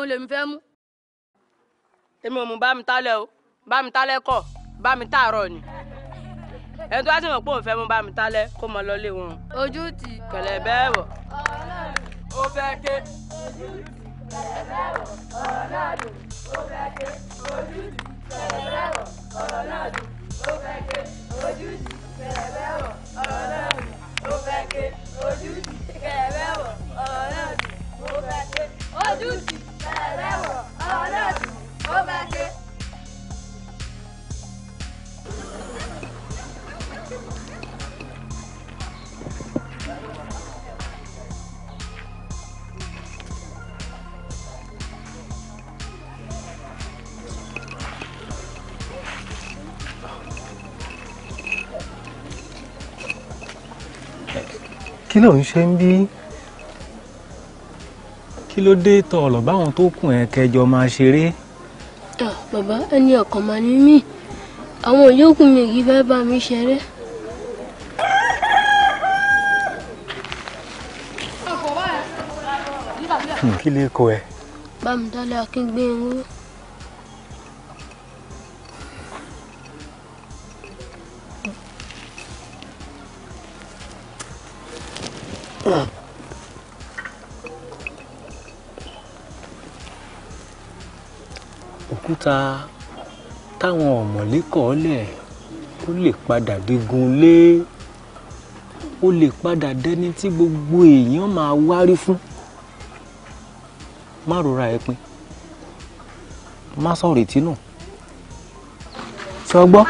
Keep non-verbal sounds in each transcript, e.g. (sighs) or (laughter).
òun lèmi fẹ́ mú. èmi ò mú bá mi tálẹ̀ o bá mi tálẹ̀ kọ̀ bá mi tààrọ̀ ni ẹni tó bá sì mọ̀ pé òun fẹ́ mú bá mi tálẹ̀ kó mọ lọ lé wọn. ojú ti kẹlẹ bẹ́ẹ̀ wọ̀. ó fẹ́ ké. ojú ti kẹlẹ bẹ́ẹ̀ wọ̀ ọ̀rọ̀ náà dùn ó fẹ́ ké. ojú ti kẹlẹ bẹ́ẹ̀ wọ̀ ọ̀rọ̀ náà dùn ó fẹ́ ké. ojú ti kẹlẹ bẹ́ẹ̀ wọ̀ ọ̀rọ̀ náà dùn ó fẹ́ ké. ojú ti kẹlẹ bẹ́ẹ̀ wọ̀ ọ̀rọ̀ náà dùn ó fẹ́ ké. ojú ti ẹlẹ́wọ̀ ọlọ́ọ̀tì ó máa ṣe. kí ló ń ṣe ń bí? kí ló dé tọ̀ ọ̀lọ̀ báwọn tó kùn ẹ̀ kẹjọ máa ṣeré. bàbá ẹni ọ̀kan máa ní mí àwọn yòókù mi kì í fẹ́ bá mi ṣeré. Hmm, kí lè kọ ẹ. bámidálé akíngbéyẹwò. Ugh. òkúta táwọn ọ̀mọ̀lékọ̀ọ́lẹ̀ ó lè padà digun lé ó lè padà dẹni tí gbogbo èèyàn máa wárí fún má rora ẹ pin má sọ̀rètí nù ṣọgbọ́n.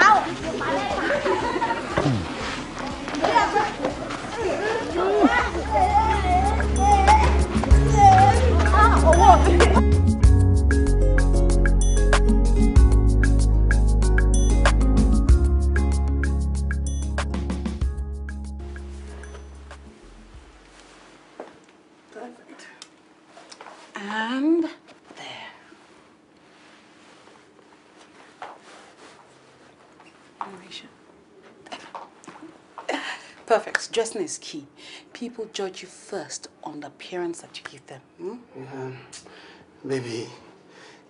dressing is key. People judge you first on the appearance that you give them. Hmm? Yeah. Um, baby,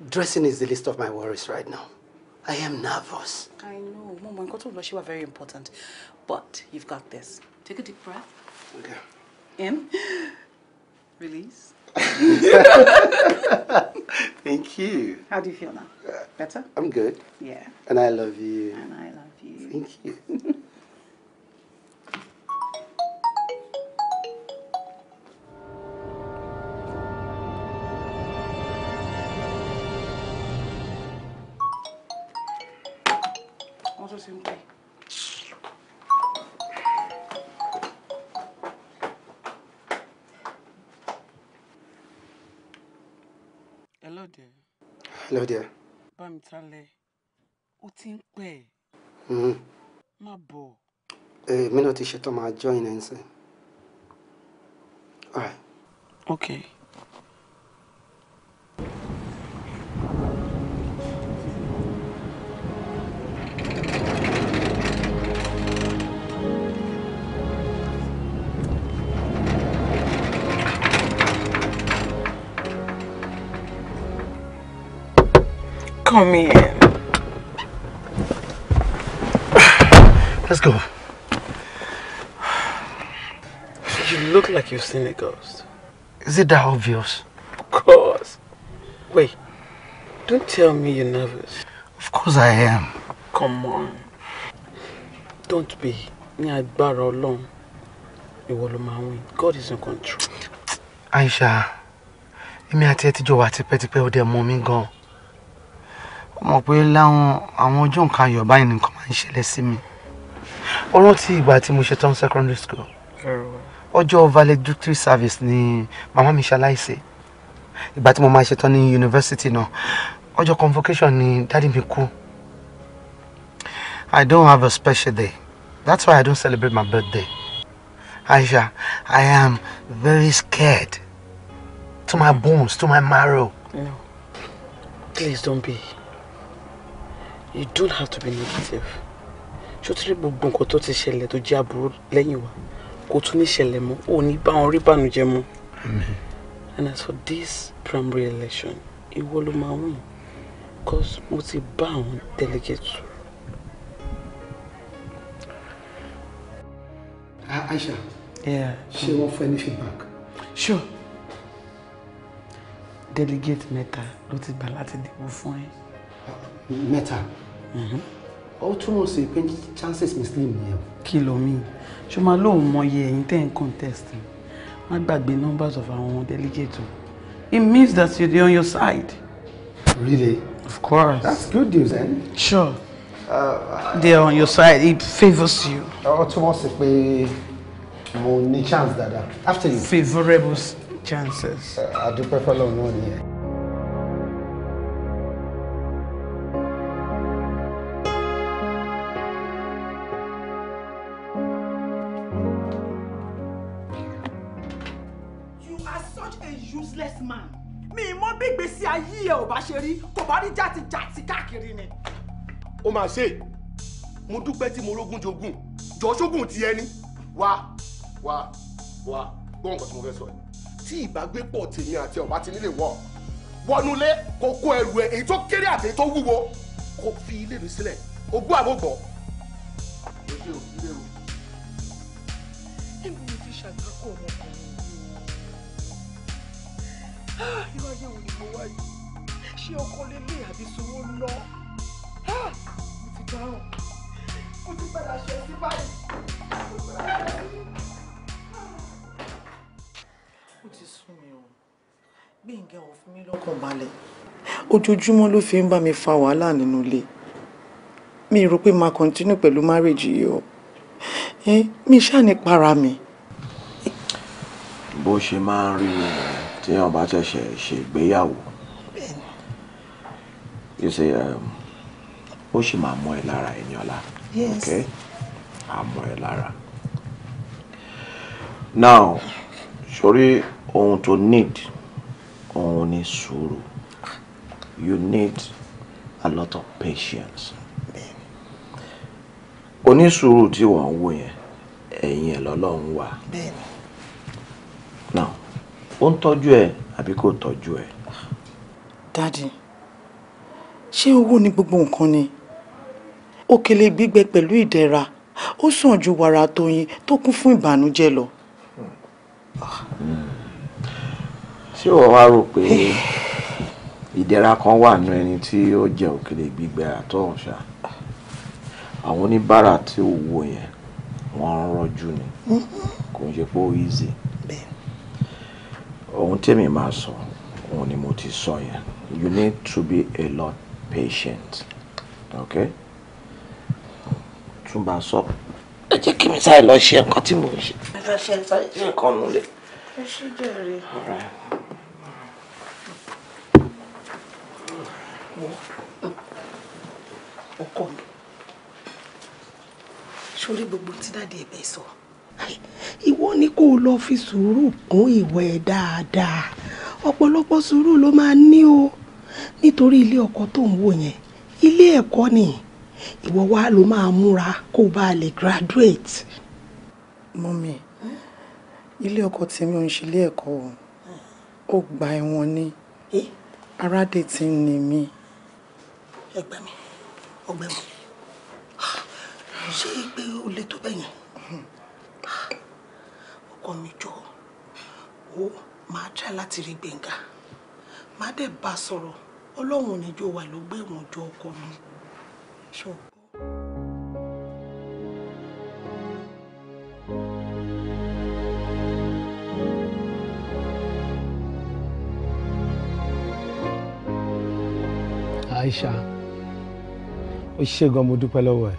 dressing is the least of my worries right now. I am nervous. I know. Mom, and cotton blush were very important. But you've got this. Take a deep breath. Okay. In. Release. (laughs) Thank you. How do you feel now? Better? I'm good. Yeah. And I love you. And I love you. Thank you. (laughs) Àṣàlẹ̀ ó ti ń pẹ́ ẹ̀. Mm-hmm. má bọ̀. Eh, èmi náà ti ṣetán máa join ẹ̀ ń ok. Come in. Let's go. You look like you've seen a ghost. Is it that obvious? Of course. Wait, don't tell me you're nervous. Of course I am. Come on. Don't be. Ní agbára long. Ìwọ ló máa win. God is in control. Aisha, èmi àti ẹ ti jọ wà tipẹ́tipẹ́ ó dẹ̀ mọ̀ mí gan mọ̀ pé láwọn àwọn ọjọ́ nǹkan ayọ̀ báyìí nìkan máa ń ṣẹlẹ̀ sí mi ó rántí ìgbà tí mo ṣe tán secondary school ọjọ́ valedictory service ni màmá mi ṣaláìsí ìgbà tí mo máa ṣe tán ní yunifásitì náà ọjọ́ convocation ni dádì mi kú I don't have a special day that's why I don't celebrate my birthday Aisha I am very scared to my bones to my marrow. No. Please don't be you don't have to be negative ṣó tí gbogbo nǹkan tó ti ṣẹlẹ̀ tó jẹ́ aburú lẹ́yìn wa kò tún ní ṣẹlẹ̀ mọ́ ò ní bá wọn rí bànújẹ́ mọ́ and as for this primary election ìwọ ló máa win cause mo ti bá àwọn delegate sọ. Aisha ṣé wọ́n fẹ́ ní feedback. sure delegate mẹ́ta ló ti gbà láti dìbò fún ẹ. mẹ́ta ó túmọ̀ sí pé chances muslim yẹn o. kí ló mi ṣó máa lóun mọyì ẹ̀yin tẹ́ ń contest má gbàgbé numbers of àwọn delegates o it means that you dey on your side. really. of course. that's good news eh. sure. Uh, they are on your side it favours you. ó túmọ̀ sí pé mo ní chance dáadáa after you. favourable chances. a uh, dúpẹ́ fọlọ́run náà nìyẹn. bá rí jáde jáde káàkiri ni. ó mà ṣe mo dúpẹ́ tí mo rógún jogún jọ ṣógùn ti ẹni wá wá wá gbọ́ nǹkan tí mo fẹ́ sọ yìí tí ìbágbépọ̀ tèmi àti ọ̀bá ti nílé wọ̀ wọnúlé kó kó ẹrù ẹ èyí tó kéré àti èyí tó wúwo kó fi ilé mi sílẹ̀ ogún àbógbọ̀. èdè ò ah, ni fi ṣàgbákò ọmọkùnrin yìí o. ìwádìí òun mo wá ṣé ọkọ lélẹ̀ àbí sowó lọ mo ti dáhùn mo ti padà ṣe sí báyìí ó ti sún mi o gbẹ̀ngà ò fi mí lọ́kàn balẹ̀ ojoojúmọ́ ló fi ń bá mi fa wàhálà nínú ilé mi rò pé máa kọ́ntínú pẹ̀lú márèjì yìí o mi ṣáà ní para mi. bó ṣe máa ń rí ẹ téèyàn bá ṣẹ̀ṣẹ̀ ṣègbéyàwó you see um, ó sì máa mọ́ ẹ lára Ẹniọlá okay á mọ́ ẹ lára now sori ohun to need ohun ni sùúrù you need a lot of patience onísùúrù tí wọ́n ń wò yẹn ẹ̀yìn ẹ̀ lọ́lọ́run wà now ó ń tọ́jú ẹ àbí kò tọ́jú ẹ. daddy ṣé owó ní gbogbo nǹkan ni òkèlè gbígbẹ pẹ̀lú ìdẹ̀ra ó sàn ju wàrà tọyin tó kún fún ìbànújẹ́ lọ. ṣé o wá rò pé ìdẹ̀ra kan wà nínú ẹni tí ó jẹ òkèlè gbígbẹ àtọ̀hún ṣá àwọn oníbàárà tí ò wo yẹn wọ́n ń rọ́jú ni kò ń ṣe pé ó easy ohun tèmi máa sọ òun ni mo ti sọ yẹn you need to be a lot patient okay. túnbà sọ ẹ jẹ́ kí mi sáré lọ ṣe nǹkan tí mò ń ṣe. ẹ fẹ́ ṣe sáré tí nǹkan nù lé. ẹ ṣe jẹ́rìí. ọkọ mi sórí gbogbo tí dáàdi ẹ bẹ sọ ìwọ ni kó o lọ fi sùúrù kún ìwẹ dáadáa ọ̀pọ̀lọpọ̀ sùúrù ló máa ní o nítorí ilé ọkọ tó ń wò yẹn ilé ẹ̀kọ́ ni ìwọ wa ló máa múra kó bá lè graduate. mọ́mí ilé ọkọ tèmi ò ń ṣe ilé ẹ̀kọ́ o ó gba ẹ̀wọ̀n ni eh? aráde ti ń ni mí. ẹgbẹ́ mi ọgbẹ́ mi ṣé pé o lè tó bẹ́ẹ̀ yẹn ọkọ mi jọ o máa try láti rí Gbénga máa dẹ̀ bá sọ̀rọ̀ ọlọ́run níjó wà ló gbé ìwọ̀n jọ ọkọ mi ṣọgbọ́. Aisha ó ṣe gan mo dúpẹ́ lọ́wọ́ ẹ̀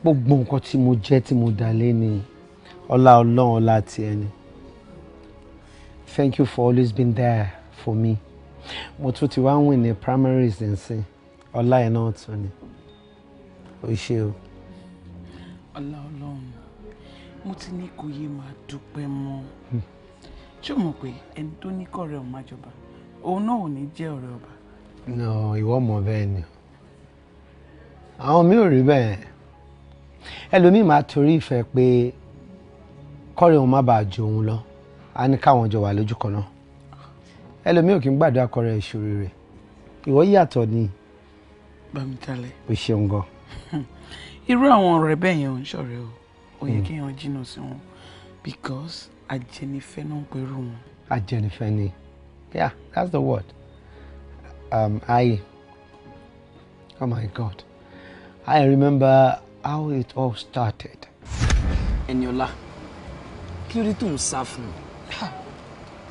gbogbo nǹkan tí mo jẹ́ tí mo dà lé ni ọlá ọlọ́run ọlá tiẹ̀ ni thank you for always being there for me mo tún ti wá ń wìn ní primaries nsìn ọlá ẹ̀ náà tún ni ó ṣe o. ọlá Ọlọ́run mo ti ní kò yé máa dúpẹ́ mọ́ hmm. ṣé o mọ̀ pé ẹni tó ní kọ̀rẹ́ ò má jọba òun náà ò ní jẹ́ ọ̀rẹ́ ọba. no ìwọ mọ̀ bẹ́ẹ̀ ni àwọn mi ò rí bẹ́ẹ̀ ẹlòmíì máa torí ìfẹ́ pé kọ̀rẹ́ òun má bàa jọ òun lọ á ní káwọn jọ wà lójú kan náà ẹlòmíì ò kí ń gbàdúrà kọrọ ìṣòro rẹ ìwọ yàtọ̀ ni. Bámitálẹ̀. o ṣeun gan. (laughs) irú àwọn ọ̀rẹ́ bẹ́ẹ̀ yẹn ò ń ṣọ̀rẹ́ o ò yẹ hmm. kéèyàn jìnnà sí wọn because ajẹnifẹ́ náà ń perú wọn. ajẹnifẹ́ ni yeah that's the word um, I oh my God I remember how it all started. Eniola kí ló dé tó ń sá fún un.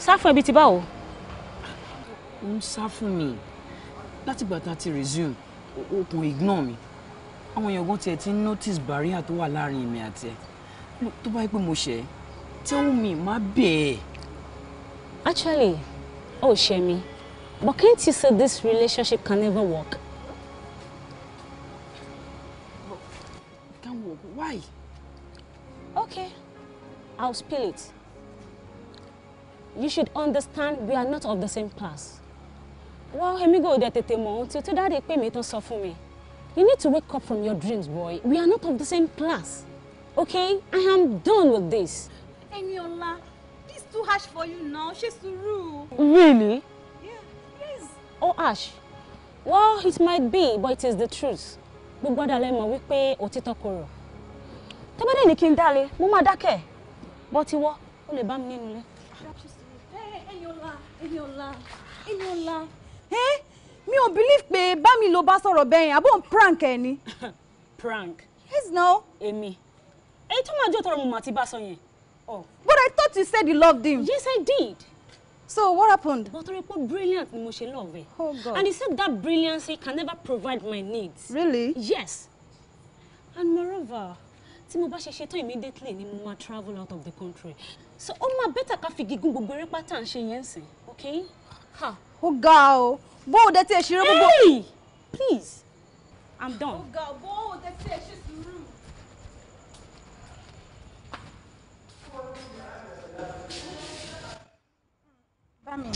sá fún ẹbí ti báwo ó ń sá fún mi láti gbà tá a ti resume ó kàn ignore mi àwọn èèyàn gan tiẹ̀ ti ń notice barrier tó wà láàrin èmi àti ẹ̀ tó bá yẹ pé mo ṣẹ̀ tell me má bẹ̀ẹ̀. actually ó oh, ṣe mi but can't you say this relationship can never work. But, work why. okay I'll spill it. You should understand we are not of the same class wọ́n èmi gò dẹ̀ tètè mọ̀ ohun tí o tó dáre pé mi tán sọ fún mi you need to wake up from your dreams boy we are not of the same class okay i am done with this. Eniola this is too harsh for you now ṣe sùúrù. really. yeah yes. oh Ash, well it might be but it is the truth gbogbo ọ̀dàlẹ̀ mọ̀ wípé òtítọ́ korò tọ́bọ́dẹ̀ ní ni n dale, mo máa dákẹ́ bọ́ ti wọ́ ó lè mi nínú ilé. Eniola Eniola Eniola. Eh? mi ò believe pé bá mi ló bá sọ̀rọ̀ bẹ́ẹ̀ yẹn àbò prank ẹ̀ ni. (laughs) prank. yes no. èmi èyí tó máa jó tọrọ mo mà ti bá sọ Oh. but i thought you said you loved him. yes i did. so what happened. but torí pé brilliant ni mo ṣe love ẹ. oh god and he said that brilliancy can never provide my needs. really. yes and moreover tí mo bá ṣe ṣetán immediately ni mo máa travel out of the country so ó máa bẹ́tà ká fi gígùn gbogbo eré pátá ń ṣe yẹn sìn okay. Ha ó ga o bó o dé tí èsì rẹ gbogbo. hey please i'm done. ó ga o bó o dé tí èsì sùúrù. bámi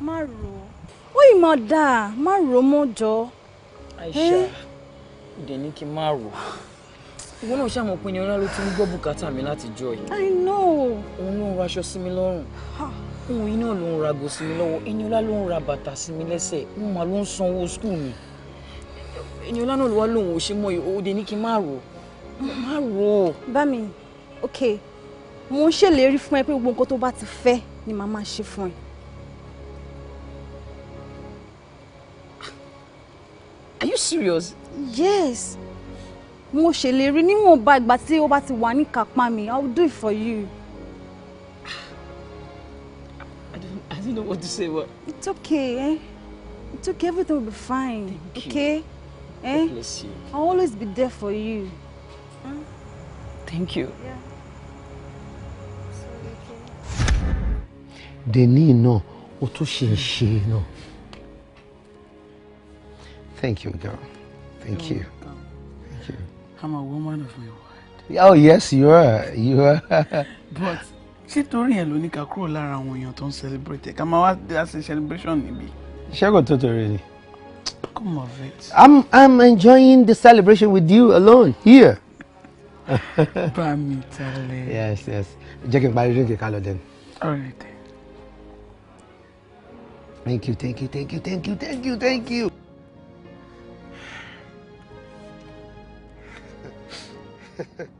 má rò ó. ó máa dáa má rò mọ́ jọ. Aisha ìdẹ̀ kí n má rò ó náà ṣàmọ pé ní ọlá ló ti ń gbọ́ bùkátà mi láti jọ yìí. I know. òun ló ń raṣọ sí mi lọ́rùn òun iná ló ń ra ago sí mi lọ́wọ́ Eniola ló ń ra bàtà sí mi lẹ́sẹ̀ òun mà ló ń sanwó skul mi Eniola náà ló wá lòun ò ṣe mọ òde ní kí n má rò má rò. bámi ok mo ń ṣèlérí fún ẹ pé gbogbo nǹkan tó bá ti fẹ́ ni màá máa ṣe fún ẹ. Ah, are you serious? Yes. mo ṣèlérí níwọ̀nba ìgbà tí ó bá ti wà ní kápá mi I will do it for you. don't know what to say. What? It's okay, eh? It's okay. Everything will be fine. Thank okay? You. Eh? God bless you. I'll always be there for you. Huh? Thank you. Yeah. So okay. Deni náà, ó tún Thank you, girl. Thank you. Thank you. I'm a woman of my word. Oh yes, you are. You are. (laughs) but ṣé torí yẹn ló ní ká kúrò lára àwọn èèyàn tó ń celebrate ká máa wá dá sí celebration níbí. ṣẹ́gun tó torí ni. come on vet. i'm i'm enjoying the celebration with you alone here. (laughs) bá mi tẹ́lẹ̀. yes yes jẹ́ kí n parí drinki ká lọ dẹ́nu. all right. thank you thank you thank you thank you thank you thank you. Ha (laughs) ha.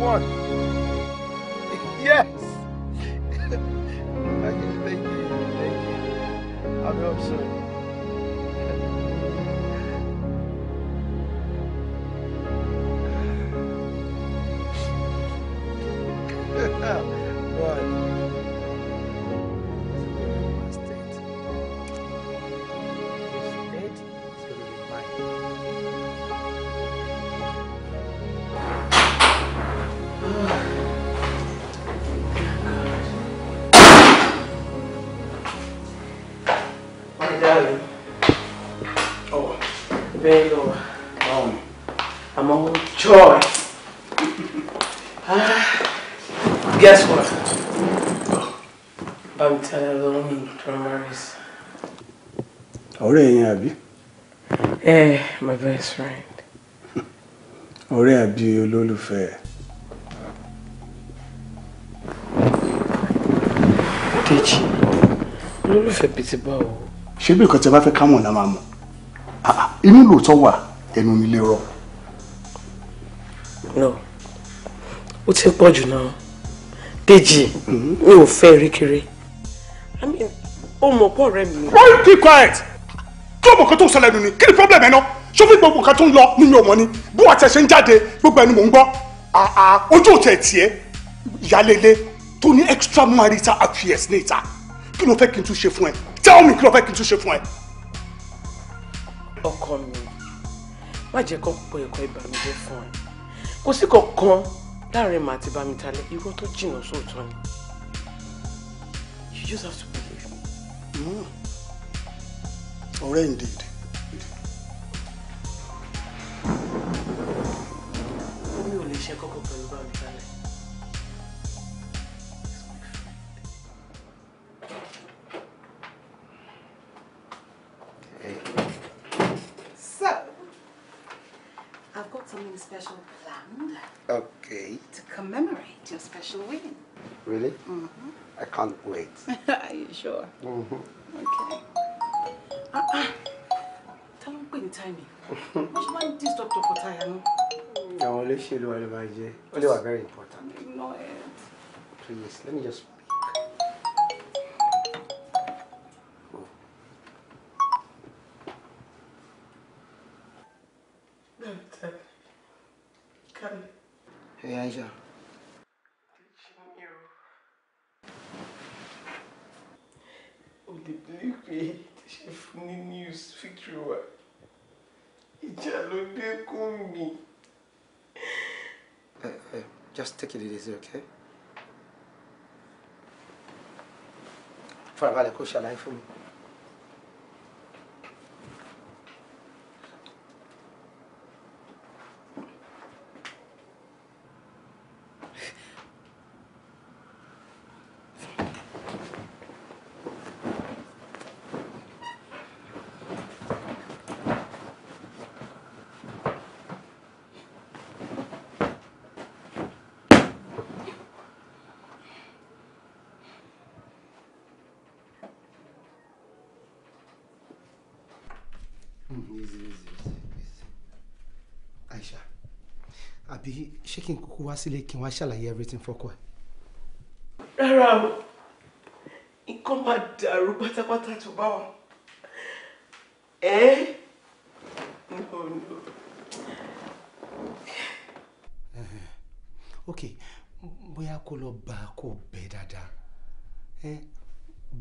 One. Very low. Um, oh, I'm on joy. ah, guess what? Bamtana ló ń primaries. Ọ̀rẹ́ yẹn àbí? Eh, my best friend. Ọ̀rẹ́ àbí olólùfẹ́ ẹ̀. Dèjì, olólùfẹ́ bíi ti báwo? Ṣé bí nǹkan tí a bá fẹ́ ká la máa mọ̀? inú lòótọ́ wà ẹnu mi lè rọ. no ó ti pọ̀ jù náà Dèjì mm-hmm. mi ò fẹ́ rí i mean ó mọ̀ pọ̀ rẹ mi. why you keep quiet kí ọmọ kan tó ṣẹlẹ̀ nù ni kí ni problem ẹ̀ náà sófin gbogbo nǹkan tó ń lọ nínú ọmọ ni bí wàá tẹ̀ ṣe ń jáde gbogbo ẹni mò ń gbọ́ àà ojú òtẹ̀ tiẹ̀ ìyálélé tó ní extramarital affairs ní ìta kí ló fẹ́ kí n tún ṣe fún ẹ tell me kí ló fẹ́ kí n tún ṣe fún ẹ ọkọ mi má jẹ́ kó pọ̀ ẹ̀kọ́ ìbànújẹ́ fún ẹ kò sí kankan láàrin màá ti bá mi talẹ̀ irọ́ tó jìnnà sóòótọ́ ni you just have to believe me. Mm. ọ̀rẹ́ indeed. ò lè ṣe kọ́kọ́ pẹ̀lú. something special planned. Okay. To commemorate your special win. Really? Mm-hmm. I can't wait. (laughs) Are you sure? Mm-hmm. Okay. Ah, ah. Tell him pin timing. Which one this Dr. Potayano? no? Àwọn olóṣèlú wa ló máa jẹ. Ó lè very important. Ignore it. Please, let me just That's it. Kami. Hey, Aisha. Teach you. Of the blue create, ṣe fún news victory wa. Ìjà ló dé kún Just take it easy, okay? For a while, Farabalẹ̀ kó ṣàlàyé for me. ṣé kí n kúkú wá sílé kí n wá ṣàlàyé everything fọ́kọ ẹ̀. rárá o nǹkan máa dàrú pátápátá tó bá wọn ẹ no no. ok bóyá kó lọ bá a kó bẹ dáadáa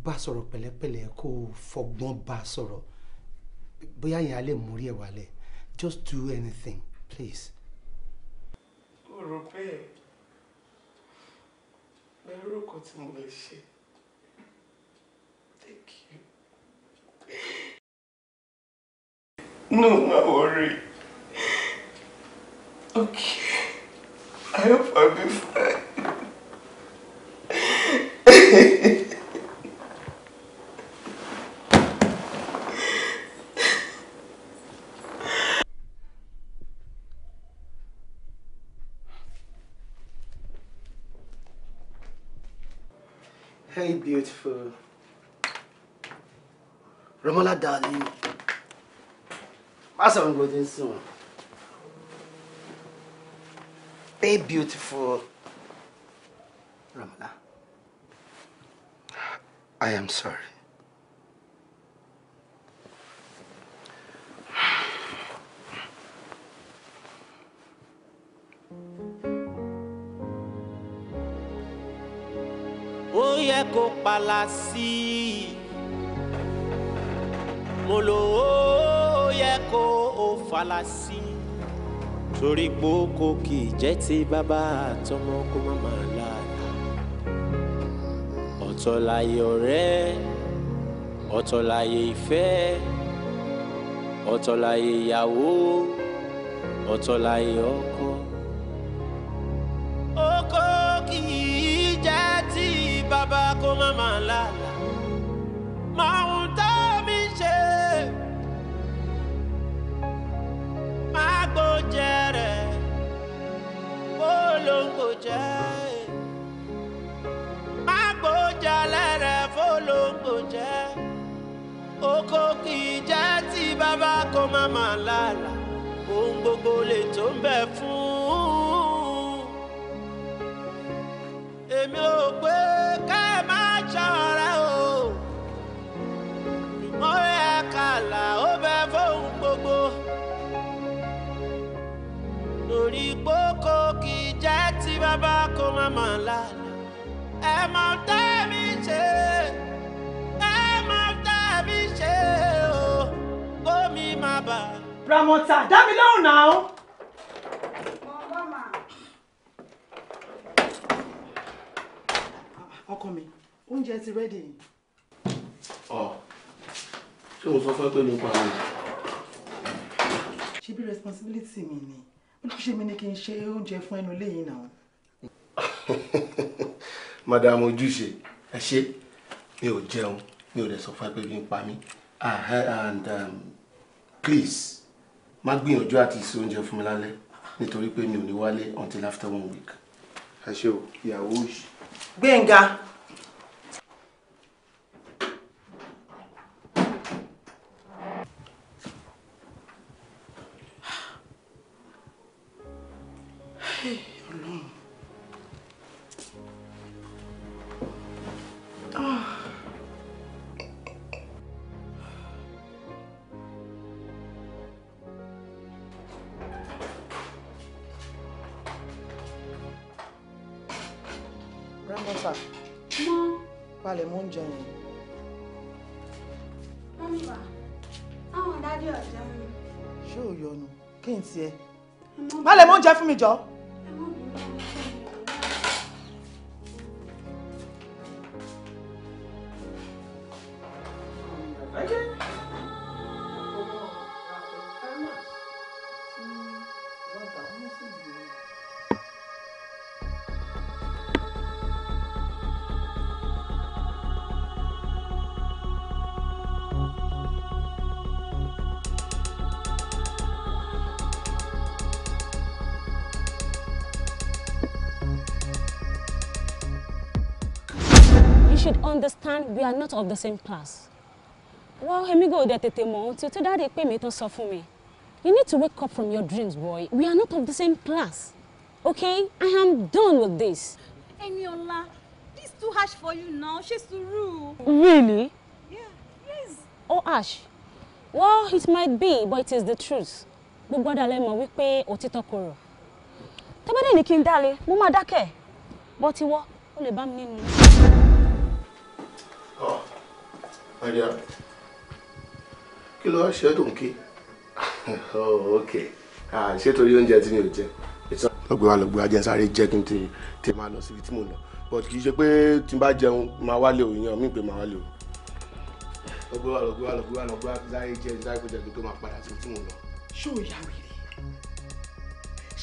bá a sọ̀rọ̀ pẹ̀lẹ́pẹ̀lẹ́ kó fọgbọ́n bá a sọ̀rọ̀ bóyá yẹn á lè mórí ẹ̀ wálẹ̀ just do anything please rò bẹ́ẹ̀ mi tí mo lè ṣe thank no ma worry okay I hope I'll be fine. (laughs) very beautiful. Romola, darling. That's what I'm going soon. Very beautiful. Romola. I am sorry. Ko pala sí i mo lò ó yẹ kó o fala sí i torí gbogbo kì í jẹ́ ti bàbá àtọmọ kó má máa láàlà ọ̀tọ̀ láyé ọ̀rẹ́ ọ̀tọ̀ láyé ìfẹ́ ọ̀tọ̀ láyé ìyàwó ọ̀tọ̀ láyé ọkọ. bàbá koma malala, má lálàá máa ń tá mi ṣe máa gbó jẹrẹ kó ló ń gbó jẹ máa gbó jalẹ rẹ fó oko kì í jẹ tí bàbá kó ohun gbogbo lè tó ń bẹ fún èmi ò pé ká. má mà lálẹ́ ẹ má tẹ́ mi ṣe ẹ má tẹ́ mi ṣe o kó mi má bà. Ramota dá me. lóhùn náà. ọkọ mi oúnjẹ ti rẹ́dì yìí. ọ ṣé mo sọ fún ẹ pé mo responsibility mi ni bí kò ṣe mi ni kí n ṣe oúnjẹ fún (laughs) madam ojúṣe ẹ ṣe mi ò jẹun mi ò dẹ̀ sọ fún ẹ pé kí n pa mí ah, eh, and um, please má gbìyànjú àti ìsè oúnjẹ fún mi lálẹ́ nítorí pé mi ò ní wálé until after one week. ẹ ṣe o ìyàwó òṣì. gbẹ̀ngà should understand we are not of the same class. Well, let me go there tètè mọ̀ ohun tí o tó dáre pé mi tán sọ You need to wake up from your dreams, boy. We are not of the same class. Okay? I am done with this. Eniola, this is too harsh for you now. Ṣe sùúrù. Really? Yeah, yes. Oh, Ash, Well, it might be, but it is the truth. Gbogbo ọ̀dà lẹ́mọ̀ wípé òtítọ́ korò. Tọ́bọ́dé ní kí n dálé, mo máa dákẹ́. Bọ́tíwọ́, ó lè Maria, kí ló wá ṣe ẹ́ tó ń ké? (laughs) Oh, ok, ṣé torí oúnjẹ tí mi ò jẹ? Lọ́gbẹ̀wá lọ́gbẹ̀wá jẹ́ sáré jẹ́ kí n ti máa lọ síbi tí mò ń lọ. But kì í ṣe pé tí n bá jẹun máa wálé o, ìyẹn mi pé máa wálé o. Lọ́gbẹ̀wá lọ́gbẹ̀wá lọ́gbẹ̀wá lọ́gbẹ̀wá sáré jẹ́ sáré jẹ́ kí n tó máa padà síbi tí mò lọ. Ṣé o yà wèrè?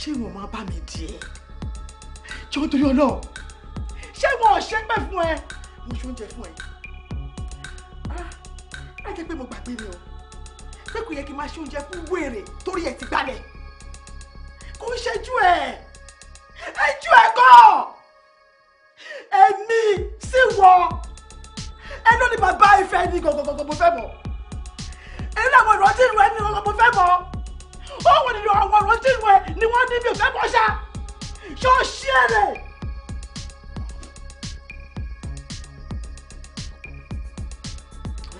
Ṣé ìwọ̀n máa bá mi díẹ̀? Jọ́ torí ọlọ́ọ̀, ṣé wọn ò ṣẹ́gbẹ́ fún ẹ? Mo ṣe oúnjẹ fún ẹ á jẹ́ pé mo gbàgbé rẹ o pé kò yẹ kí n máa ṣe oúnjẹ fún wèrè torí ẹ̀ ti gbalẹ̀ kò ń ṣẹ́jú ẹ̀ ẹjú ẹ̀ gan ẹ̀mí sì wọ ẹnu ni bàbá ìfẹ́ ni gọ̀gọ̀gọ̀gọ̀ mo fẹ́ mọ̀ ẹnu àwọn ìrántí ìlú ẹni gọ̀gọ̀ mo fẹ́ mọ̀ òun ni àwọn ìrántí ìlú ẹ ni wọ́n ní mi ò fẹ́ mọ̀ ṣá ṣọ́ọ̀ṣì ẹ̀rẹ̀.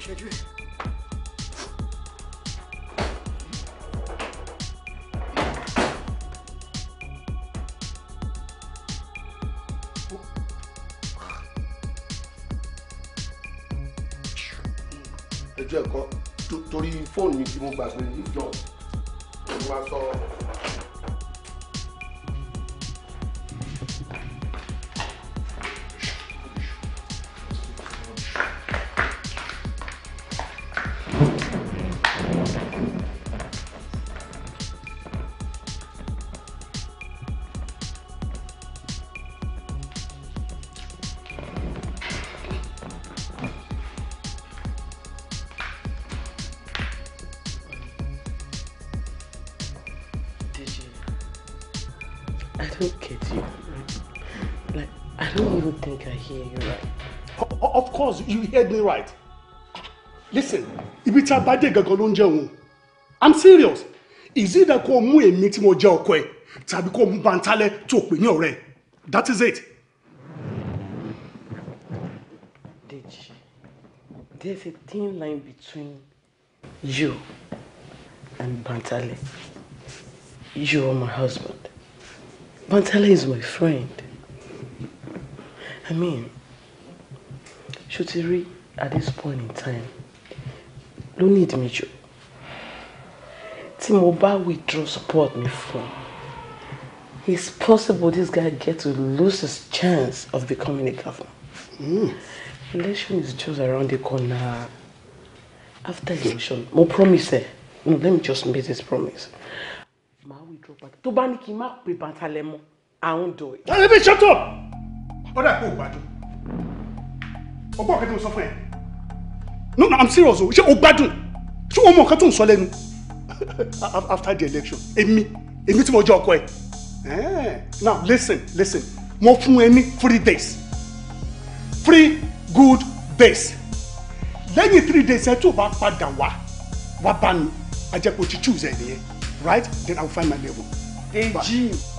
ṣẹ́jú ẹ̀. ẹ̀kọ́ torí fóònù mi tí mo gbàgbé yìí náà mo máa sọ you heard me right listen ibi tí a bá dé gangan ló ń jẹun i'm serious is it that kò mú èmi tí mo jẹ ọkọ ẹ tàbí kò mú bàǹtálẹ tó pè ní ọ̀rẹ́ that is it. Deji, there's a thin line between you and Bantale. You are my husband. Bantale is my friend. I mean, Chutiri, at this point in time ló need me. jù tí mo withdraw support me from. it's possible this guy get to lose his chance of becoming a governor. Mm. Election is just around the corner. After election, mo promise. Eh? No, let me just make this promise. Màá withdraw pàtó. Tó bá ní kí n má pè I won't do it. let me shut up! Ọ̀dà kò gbàdúrà no no i'm serious o ṣé o gbádùn ṣé o mọ nǹkan tó after the election èmi èmi tí mo jẹ́ eh, now listen listen mo fún ẹ three days three good days lẹ́yìn three days ẹ tó bá padà wá wá bá mi àjẹpọ̀ ti choose ẹ nìyẹn right then i will find my level. Deji. Bye.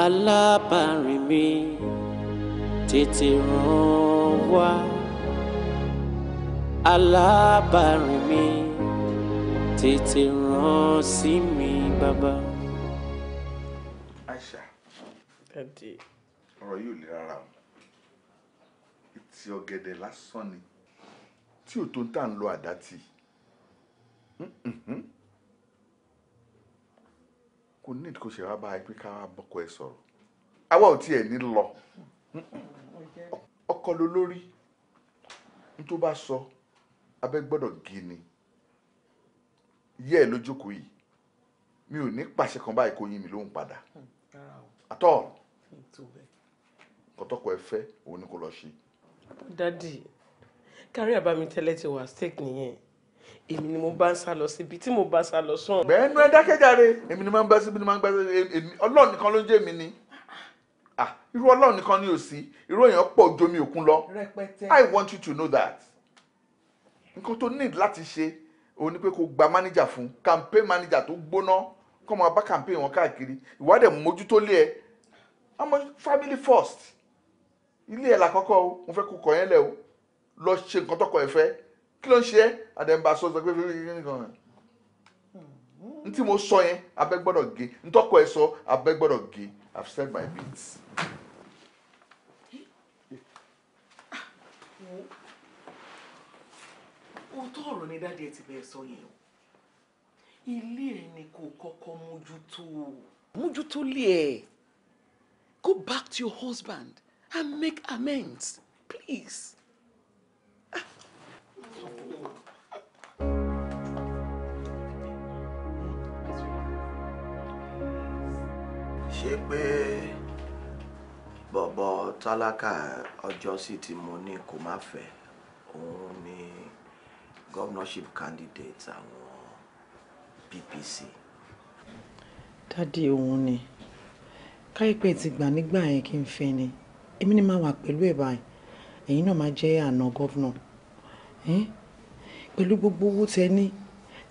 alábàárìn mi tètè ràn wá alábàárìn mi tètè ràn sí mi bàbá. Aisha ọ̀rọ̀ yìí ò le rárá o ìtì ọ̀gẹ̀dẹ̀ lásán ni tí ò tó ń tà ń lo àdá tì. Mm-hmm kò ní ìdíkò ṣe wá bá ẹ pé ká wá bọ́kọ ẹ sọ̀rọ̀ àwa ò tiẹ̀ ní lọ ọkọ ló lórí ní tó bá sọ abẹ́ gbọ́dọ̀ gé ni yẹ́ ẹ lójókòó yìí mi ò ní pàṣẹ kan báyìí kó yín mi lóhùn padà àtọ́ kọ́tọ́kọ́ ẹ fẹ́ òun ni kò lọ ṣe. dadi kárí àbámi tẹ́lẹ̀ ti wà steak nìyẹn èmi ni mo bá ń sá lọ síbi tí mo bá sá lọ sàn. bẹ́ẹ̀ nu ẹ dákẹ́járe èmi ni máa ń bá síbi ni máa ń gbá síbi ọlọ́run nìkan ló ń jẹ́ èmi ni ah, irú ọlọ́run nìkan ni ò sí irú èèyàn pọ̀ jomi òkun lọ i want you to know that nǹkan tó need láti ṣe òun ni pé kó gba manager fún campaign manager tó gbóná kó máa bá campaign wọn káàkiri ìwádìí mójútó lé ẹ àmọ́ family first ilé ẹ̀ làkọ́kọ́ o mo fẹ́ kó kọ̀ yẹn lẹ̀ o lọ ṣe nǹkan tọkọ ẹ̀ fẹ́ kí ló ń ṣe ẹ́ àdẹ̀mbà sọ sọ pé fífi nìkan rẹ̀ n tí mo sọ yẹn abẹ́ gbọ́dọ̀ gé n tọ́kọ ẹ sọ abẹ́ gbọ́dọ̀ gé I've said my bit. òótọ́ ọ̀rọ̀ ni dáadé ti bẹ́ẹ̀ sọ yẹn o ilé ẹ ni kò kọ́kọ́ mójútó mójútó lé ẹ go back to your husband and make amends please ṣé pé bọ̀bọ̀ tálákà ọjọ́ sí tí mo ní kó má fẹ́ òun ni governorship candidate àwọn PPC. dádì òun ni káyipẹ́ ti gbà nígbà yẹn kí n fẹ́ ni èmi ni máa wà pẹ̀lú ẹ̀ báyìí ẹ̀yin náà máa jẹ́ àná gọ́vnọ̀ pẹ̀lú gbogbo owó tẹ ní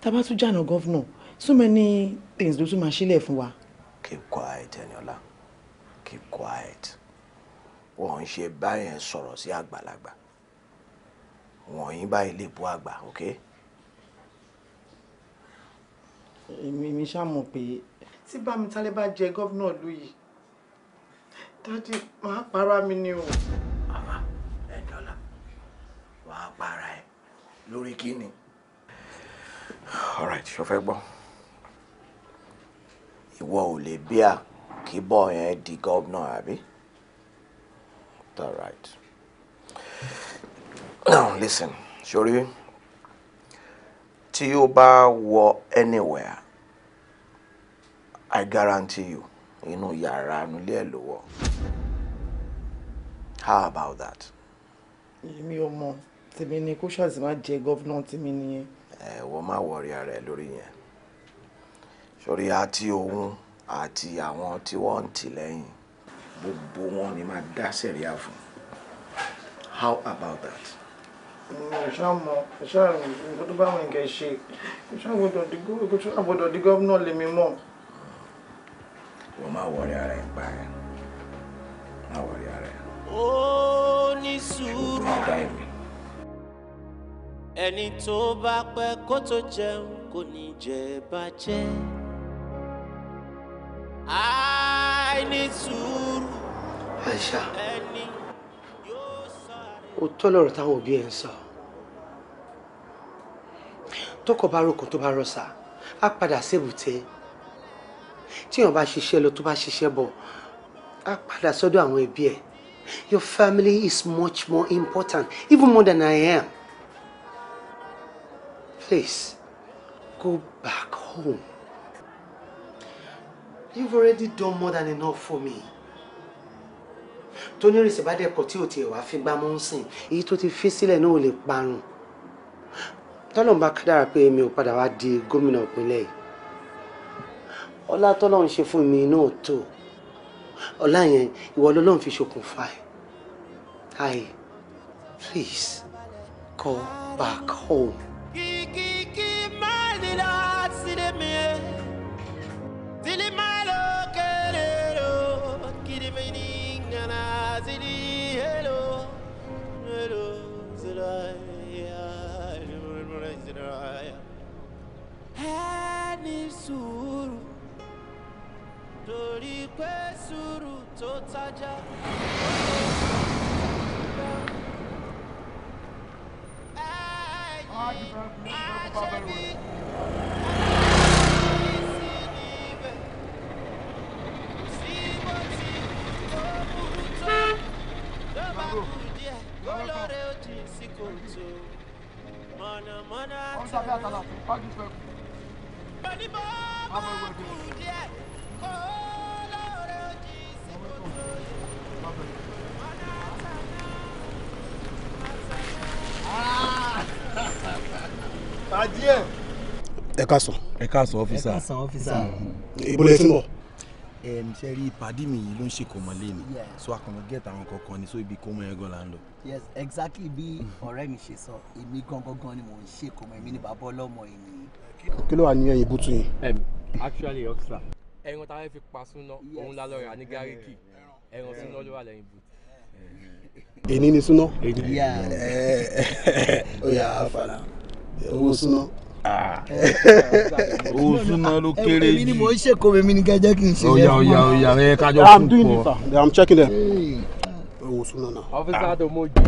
tábà tún jànà gọ́vnà so many things ló tún máa ṣílẹ̀ fún wa. keep quiet Eniola keep quiet wọn ń ṣe báyẹn sọ̀rọ̀ sí àgbàlagbà wọ̀nyí báyìí lè bú àgbà ok. èmi mi ṣàmọ̀ pé tí Bámitálé bá jẹ gọ́vnà lóyè dájú màá para mi ni o. lórí kíni. alright ṣo fẹ́ gbọ́ ìwọ ò lè bíà kí bọ́ yẹn di gọ́vnà àbí. right. now listen sori tí o bá wọ anywhere i guarantee you inú yàrá nílé ẹ̀ ló wọ̀ how about that. èmi ò mọ̀ tèmi ni kó ṣáà ti máa jẹ gọ́vnà tèmi nìyẹn. ẹ wọ́n máa wọrí ara ẹ lórí yẹn sórí àti òun àti àwọn tí wọ́n ń tì lẹ́yìn gbogbo wọn ni máa dá sẹ̀ríà fún how about that. ìṣàmọ mm, ìṣàmọ nǹkan tó bá wọn kẹ ṣe ìṣàgbọ́dọ̀ di gọ́vnà lèmi mọ̀. wọ́n máa wọrí ara ẹ pa ẹ máa wọrí ara ẹ. ó ní sùúrù ẹni tó bá pẹ́ kó tó jẹun kò ní jẹ bàjẹ́. àìní sùúrù ẹni yóò sáré. ó táwọn òbí ẹ̀ ń sọ tọkọ bá roko tó bá rọsà á padà sébùté tíyàn bá ṣiṣẹ́ lọ tó bá ṣiṣẹ́ bọ̀ á padà sọ́dọ̀ àwọn ẹbí ẹ̀ your family is much more important even more than I am. Please, go back home. You've already done more than enough for me. Tóní rìsì bá dẹ̀kọ̀ tí ò tiẹ̀ wá fi gbá mọ́ ń sìn, èyí tó ti fi sílẹ̀ náà ò lè parun. Tọ́lọ̀ ń bá kádàrà pé èmi ò padà wá di gómìnà ìpínlẹ̀ yìí. Ọlá tọ́lọ̀ ń ṣe fún mi náà tó. Ọlá yẹn ìwọ lọ́lọ́run fi ṣokùnfà ẹ̀. Hi, please, go back home. sùúrù torí pé sùúrù tó tájá. Ẹ̀yin àjẹbí. Olóore ó di sí kòtò, ẹ káàsán. ẹ káàsán ọfíìsà. ẹ káàsán ọfíìsà. ibo lẹ ti ń bọ̀. ṣe rí ìpàdé mi yìí ló ń ṣe kò mọ́ léèmí so akọ̀nà gẹ̀ẹ́tà àwọn kankan ni so ibi kò mọ́ ẹ̀gàn là ń lọ. yes exactly bí ọ̀rẹ́ mi ṣe sọ èmi gangan ni mò ń ṣe kò mọ́ èmi ni bàbá ọlọ́mọ ènìyàn kí ló wà ní ẹ̀yìn bútu yìí. actually ọ̀sà ẹran tá a fi pa súná òun la lọ rà ní gáríkì ẹran súná ló wà lẹ́yìn bútu. èyí ni súná. èyí (laughs) ó yà á fara owó súná. Ah. owó súná ló kéré jù. èmi ni mò ń ṣèkó èmi ni gẹ́gẹ́ kì í ṣe. oya oya oya ẹ kájọ fún pọ. i'm checking them. owó súná náà. officer ah. domoji.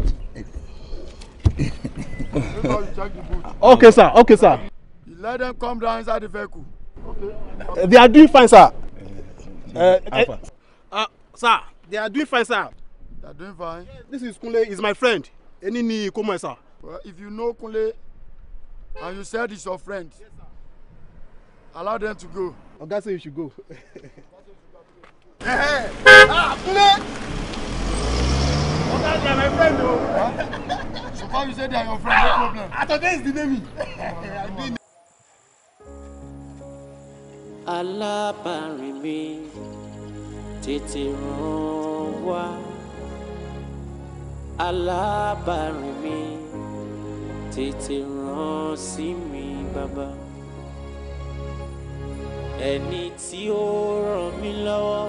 okay sir okay sir. Let them come down inside the vehicle. Okay. Uh, they are doing fine, sir. Uh, uh, Uh, sir, they are doing fine, sir. They are doing fine. This is Kunle. He's my friend. Any ni Kumai, sir. Well, if you know Kunle and you said he's your friend, yes, sir. allow them to go. Oga say you should go. (laughs) Hey, ah, Kunle! Oga, my friend, though. Huh? so far you said they are your friend, no problem. Atode ah, is the name. (laughs) alábàárìn mi tètè ràn wá alábàárìn mi tètè ràn sí mi bàbá ẹni tí ó ràn mí lọ́wọ́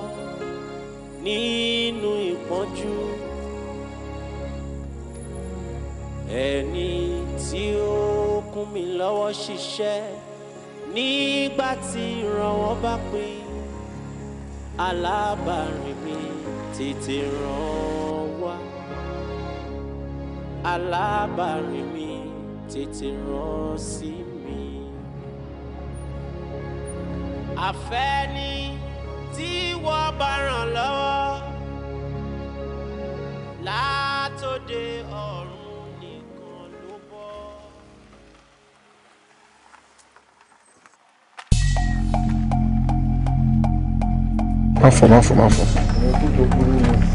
nínú ìpọ́njú ẹni tí ó kún mi lọ́wọ́ ṣiṣẹ́ nígbà tí ìrànwọ́ bá pé alábàárìn mi tètè ràn wá alábàárìn mi tètè ràn sí mi. àfẹ́ni tí wọ́n bá ràn lọ́wọ́ látòde ọ̀rọ̀. Afo, afo, afo.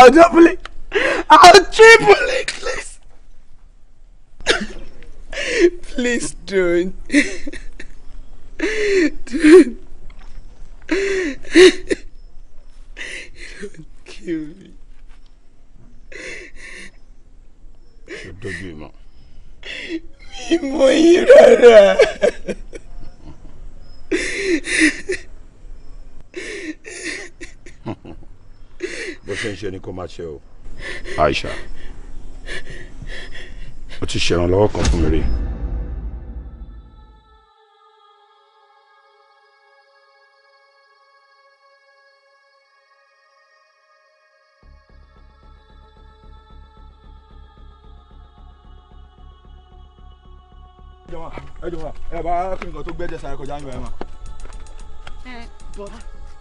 I'll double it. I'll triple it, please. please don't. don't. don't kill me. You're dojú ìmọ̀? Mi mọ̀ yín ṣe ni kó máa ṣe o. Aisha o ti ṣèrànlọ́wọ́ kan fún mi rí. ẹ jọ̀wọ́ ẹ bá fi nǹkan tó gbẹ́jẹ̀ sáré kọjá yín bẹ̀rẹ̀ mà. ẹ bọ́lá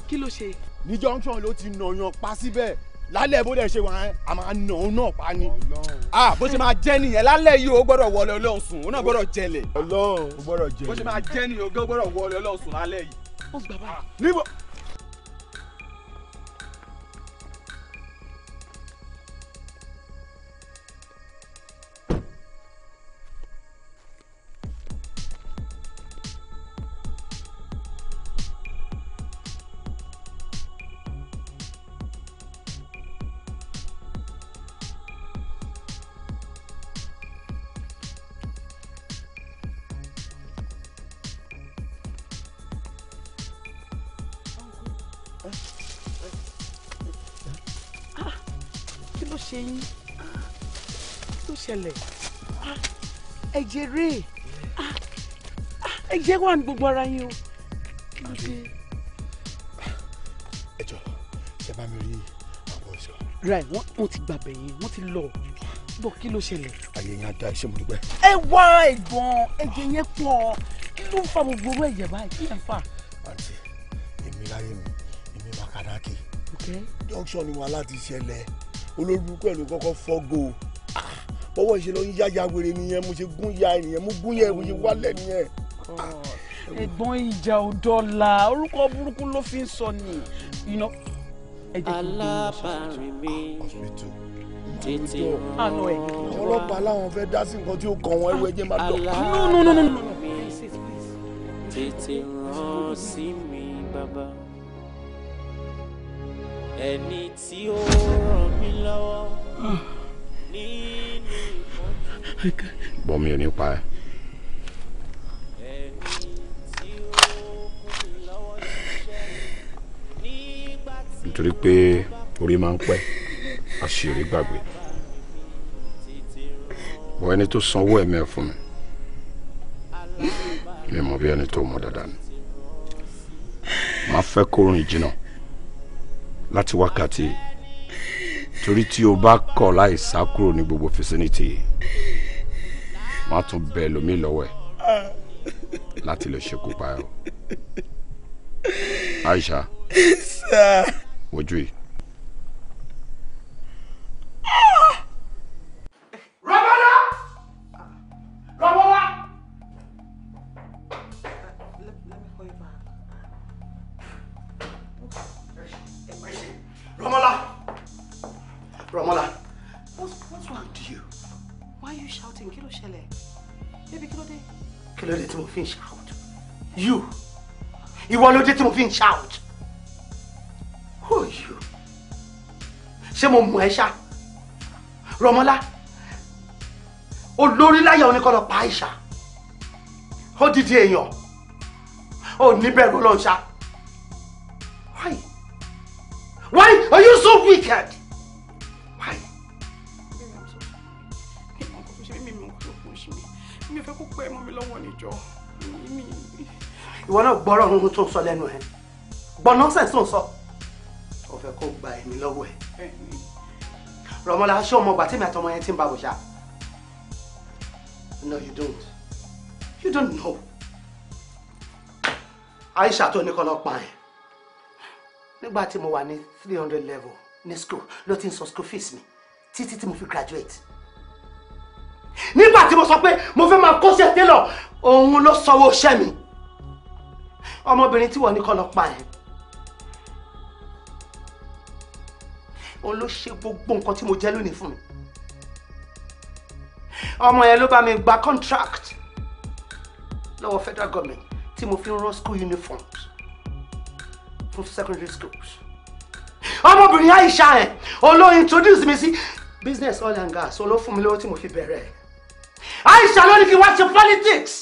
kí ló ṣe. ní junction ló ti nàyàn pa síbẹ̀ lálẹ́ bó dẹ̀ ṣe wà ẹ́ a máa nà ọ́ náà pa ni bó ṣe máa jẹ́ nìyẹn lálẹ́ yìí o gbọ́dọ̀ wọlé ọlọ́run sùn o náà gbọ́dọ̀ jẹlẹ̀ bó ṣe máa jẹ́ nìyẹn o gbọ́dọ̀ wọlé ọlọ́run sùn lálẹ́ yìí. ó gbà báyìí. ṣẹlẹ̀ ẹ̀jẹ̀ rèé ẹ̀jẹ̀ wà ní gbogbo ara yín o. ẹ jọ ṣe bá mi rí àwọn ọ̀ṣọ́. ra wọn ti gbàgbẹ yín wọn ti lọ bọ kí ló ṣẹlẹ̀. ayé yẹn á da iṣẹ́ mi dúpẹ́. ẹ wá ẹ̀gbọ́n ẹ̀jẹ̀ yẹn pọ̀ kí ló ń fa gbogbo owó ẹ̀jẹ̀ báyìí kí ló ń àǹtí èmi láyé mi èmi máa kàdákì. junction ni wàhálà ti ṣẹlẹ̀ olórí pẹ̀lú kọ́kọ́ fọ́gò tọwọ́ ìṣe lọ ń yáya wèrè nìyẹn mo ṣe gún ya nìyẹn mo gún yẹn mo ṣe wálẹ̀ nìyẹn. ẹ̀gbọ́n ìjà òdọ́la orúkọ burúkú ló fi ń sọ ni alábàárín mi tètè rán ọlọ́pàá làwọn fẹ́ dá sí nǹkan tí ó kàn wọ́n ẹwẹ́ jẹ́ máa lọ. alábàárín mi tètè rán sí mi bàbá ẹni tí ó ràn mí lọ́wọ́ ah. ní bọ́ mi ò ní pa ẹ́. nítorí pé orí máa ń pẹ́ àṣírí gbàgbé bọ́ ẹni tó sanwó ẹ̀mí ẹ̀ fún mi mi mọ̀ bí ẹni tó mọ̀ dáadáa ni máa fẹ́ kó rìn jìnnà láti wákàtí torí tí o bá kọ̀ láì sá kúrò ní gbogbo fẹsẹ̀nìtì yìí wọn á tún bẹ ẹlòmíì lọ́wọ́ ẹ̀ láti lè ṣekú pa ẹ́ o Aisha wojú yìí and shout. Who are you? Ṣé mo mọ̀ ẹ́ ṣá? Rọmọlá, olórí láyà oníkọ́lọ̀ pa àìṣà. Ó dídí èèyàn. Ó níbẹ̀rù ọlọ́run ṣá. Why? Why are you so wicked? Why? Mi ò fẹ́ kó pẹ́ mọ́ mi Ìwọ náà gbọ́rọ̀ ohun tó ń sọ lẹ́nu ẹ̀ gbọ́n nọ́ọ̀sẹ̀ tó ń sọ ó fẹ́ kó gba ẹ̀mí lọ́wọ́ ẹ̀ rọmọlá aṣọ ọmọ ọgbà tèmi àtọmọ yẹn ti ń bá bọ̀ no you don't you don't know Aisha tó ní kọ́ lọ pa ẹ̀ nígbà tí mo wà ní three hundred level ní school ló ti ń sọ school fees mi títí tí mo fi graduate nígbà tí mo sọ pé mo fẹ́ máa kọ́ṣẹ́ télọ̀ òun ló sanwó iṣẹ́ mi ọmọbìnrin tí wọ́n ní kọ́ lọ pa ẹ̀. olóṣè gbogbo nǹkan tí mo jẹ́ lónìí fún mi ọmọ yẹn ló bá mi gba contract lọ́wọ́ federal government tí mo fi ń rán school uniforms fún secondary schools ọmọbìnrin Aisha yẹn olóyin introduce mi si business oil and gas olóò fún mi lówó tí mo fi bẹ̀rẹ̀ Aisha ló ní kí n wá politics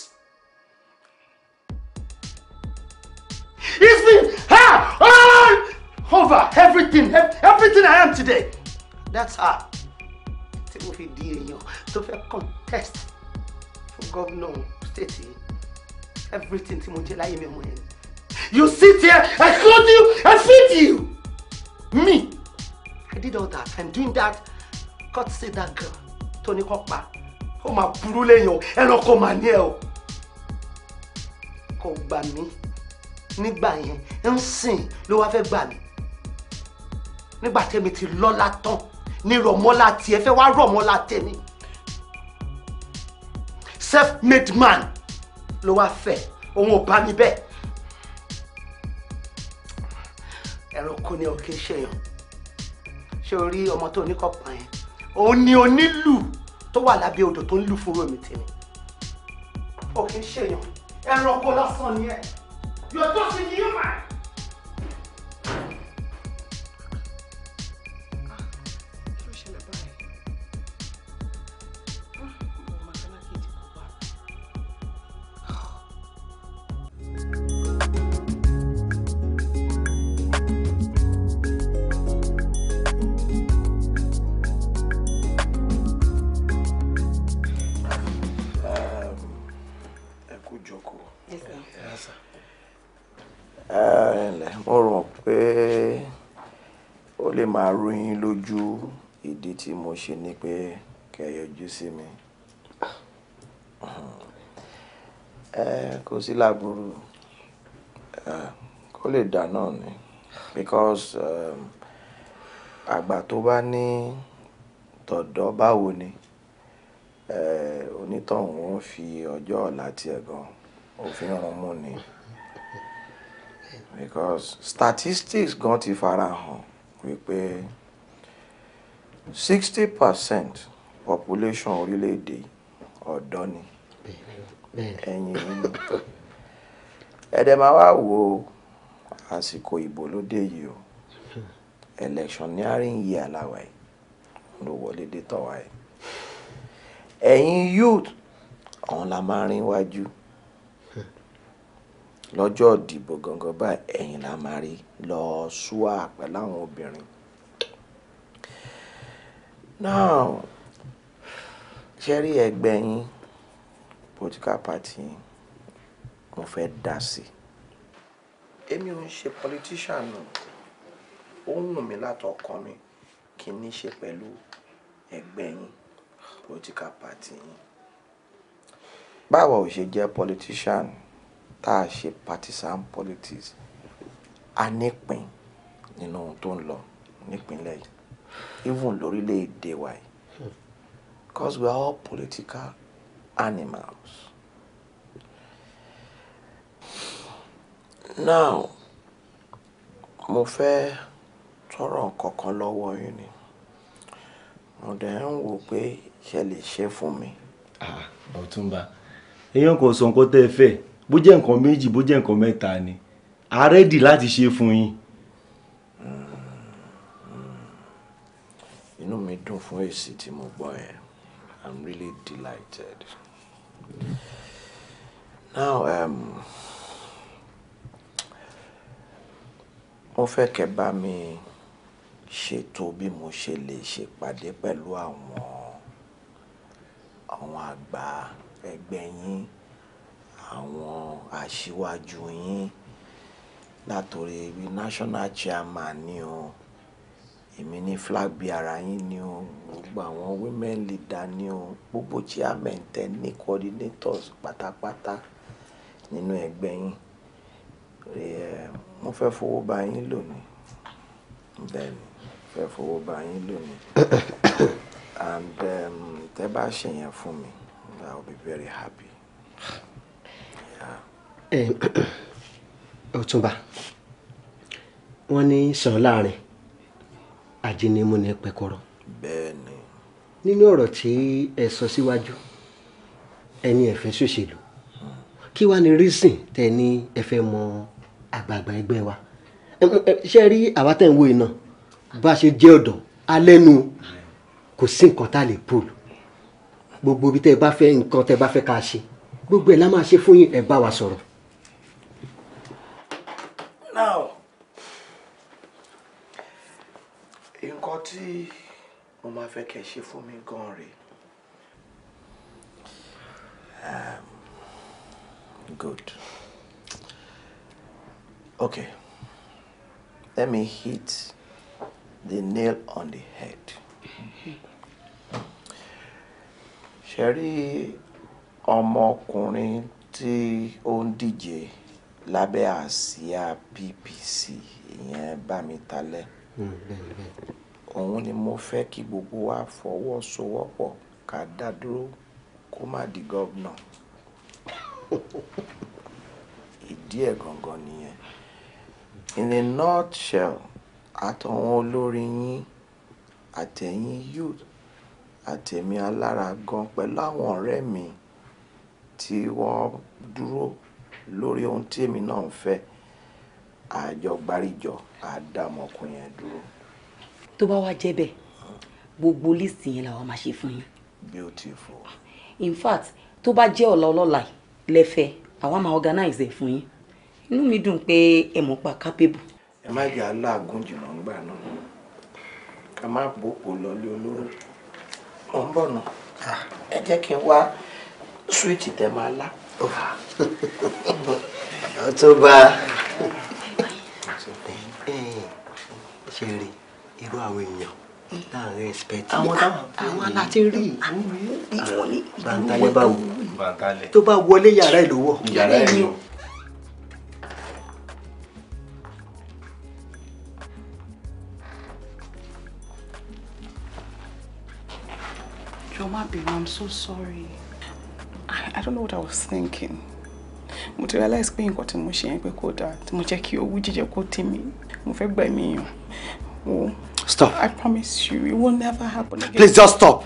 it's been ha. Oh! over everything everything I am today that's her tí mo fi di contest for governor, state everything tí mo jẹ́ you sit here I clothe you I feed you me I did all that I'm doing that God save that girl Tony ní Oh my, ó yo. burú lẹ́yìn o ẹranko mà ní ẹ o kò gbà mí nígbà yẹn ń sìn ló nígbà tẹ́mi ti lọ́lá tán ni rọ̀mọ́lá tiẹ̀ fẹ́ wá rọ̀mọ́lá tèmi self-made man ló wá fẹ́ òun ò bá mi bẹ́ẹ̀ ẹranko ni òkè ṣèyàn ṣé o rí ọmọ tó oníkọ̀pá yẹn òun ni onílù tó wà lábẹ́ odò tó ń lù fún romi tèmi òkè ṣèyàn ẹranko lásán ni ẹ yọ̀tọ̀ sí ni yóò máa. tí mo ṣe ni pé kẹ́ yọjú sí mi kò sí láburú kó lè dà náà ni because um, àgbà tó bá ní tọ̀dọ̀ báwo ni onítọ̀hún ó fi ọjọ́ ọ̀la tiẹ̀ gan òfin ọ̀run mú ni because statistics gan ti fara hàn wípé sixty percent population orílẹ̀-èdè ọ̀dọ́ ni ẹ̀yìn inú ẹ̀dẹ̀ máa wá wo àsìkò ìbò ló dé yìí o electioneering year làwà yìí ló wọlé dé tọ́wà yìí ẹ̀yin youth ọ̀hún la máa rin wájú lọ́jọ́ ìdìbò gangan báyìí ẹ̀yin la máa rí lọ́ọ́ ṣúà pẹ̀lú àwọn obìnrin now ṣe rí ẹgbẹ́ yín political party yín mo fẹ́ dá sí i èmi ò ń ṣe politician nù ó wù mí látọkàn mi kí n ní ṣe pẹ̀lú ẹgbẹ́ yín political party yín báwa ò ṣe jẹ́ politician tá a ṣe partisan politics a nípìn nínú ohun tó ń lọ nípínlẹ̀ yìí even lórílẹ̀‐èdè wa yìí because we are all political animals. now mo fẹ́ tọrọ nǹkan kan lọ́wọ́ yín ni mo dẹ̀ ń wò pé ṣe lè ṣe fún mi. ọ̀túnba èèyàn kò sọ nǹkan tẹ́ ẹ fẹ́ bó jẹ́ nǹkan méjì bó jẹ́ nǹkan mẹ́ta ni a rẹ́dì láti ṣe fún yín. Mm inú mi dùn fún èsì tí mo gbọ́ yẹn i'm really delighted now um, mo fẹ́ kẹ́ bá mi ṣètò bí mo ṣe lè ṣèpàdé pẹ̀lú àwọn àwọn àgbà ẹgbẹ́ yín àwọn aṣíwájú yín látòrí bí national chairman ni o èmi ní flag bearer yín ni o gbogbo àwọn women leader ni o gbogbo chairman tẹ ní coordinators pátápátá nínú ẹgbẹ́ yín mo fẹ́ fowó bá yín lónìí bẹ́ẹ̀ ni fẹ́ fowó bá yín lónìí and um, tẹ bá ṣe yẹn fún mi I will be very happy. Ọ̀túnba wọ́n ní sàn láàrin ajínigbó ni pẹkọrọ. bẹ́ẹ̀ni. nínú ọ̀rọ̀ tí ẹ sọ síwájú ẹni ẹ fẹ́ ṣòṣèlú kí wàá ní rísìn tẹ ní ẹ fẹ́ mọ àgbààgbà ẹgbẹ́ wa ṣe rí àwa tẹ̀ ń wo iná bá a ṣe jẹ́ ọ̀dọ́ alẹ́nu kò sí nǹkan tá a lè pòlù gbogbo ibi tẹ́ bá fẹ́ nǹkan tẹ́ bá fẹ́ ká ṣe gbogbo ẹ̀ la máa ṣe fún yín ẹ bá wa sọ̀rọ̀. now nǹkan tí mo máa fẹ́ kẹ́ ṣe fún mi gan rèé. Ehm, good. Okay. Let me hit the nail on the head. Ṣé rí ọmọkùnrin tí ó ń díje lábẹ́ àsíá PPC ìyẹn Bámitalẹ́. Mm, mm, òun ni mo fẹ́ kí gbogbo wa fọwọ́sowọ́pọ̀ ká dá dúró kó má di gọ́vnà ìdí ẹ̀ gangan nìyẹn in a nutshell àtọ̀wọn olórí yín àtẹ̀yìn youth àtẹ̀mí alára gan pẹ̀lú àwọn ọ̀rẹ́ mi tí wọ́n dúró lórí ohun tí èmi náà ń fẹ́ àjọgbáríjọ àdàmọ̀kùn yẹn dúró tó bá wá jẹ́ bẹ́ẹ̀ gbogbo lísì yẹn làwọn máa ṣe fún yín. beautiful. in fact tó bá jẹ́ ọ̀la ọlọ́la lẹ́fẹ̀ àwa máa organize ẹ̀ fún yín inú mi dùn pé ẹ mọ̀ pa capable. ẹ má jẹ́ aláàgùn jùlọ ńgbà náà ká má bòpò lọlé olóró mọ̀ ń bọ̀ nù ẹ jẹ́ kí n wá súwìtì tẹ máa lá. ọtún bá ṣe rí i irú àwọn èèyàn láàrin respect. àwọn ah, táwọn rí àwọn bàǹtálẹ̀ tó bá wọlé yàrá ẹ̀ ló I'm so sorry. I, don't know what I was thinking. Mo ti realize pé nǹkan tí mo ṣe yẹn pé kò dáa tí mo jẹ́ kí owú jíjẹ kó tì mí. Mo fẹ́ gbẹ̀mí yàn. Oh, stop. I promise you, it will never happen again. Please just stop.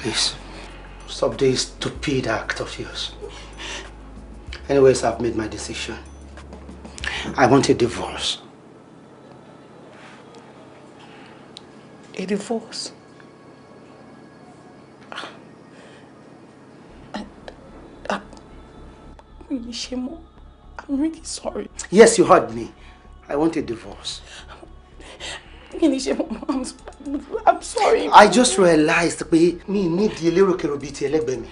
Please. Stop this stupid act of yours. Anyways, I've made my decision. I want a divorce. A divorce? Ah, ah, I'm really sorry. Yes, you heard me. I want a divorce kí ṣe mọ i'm sorry. i just realized pé mi nídìí eléròkèrò bíi ti ẹlẹgbẹ́ mi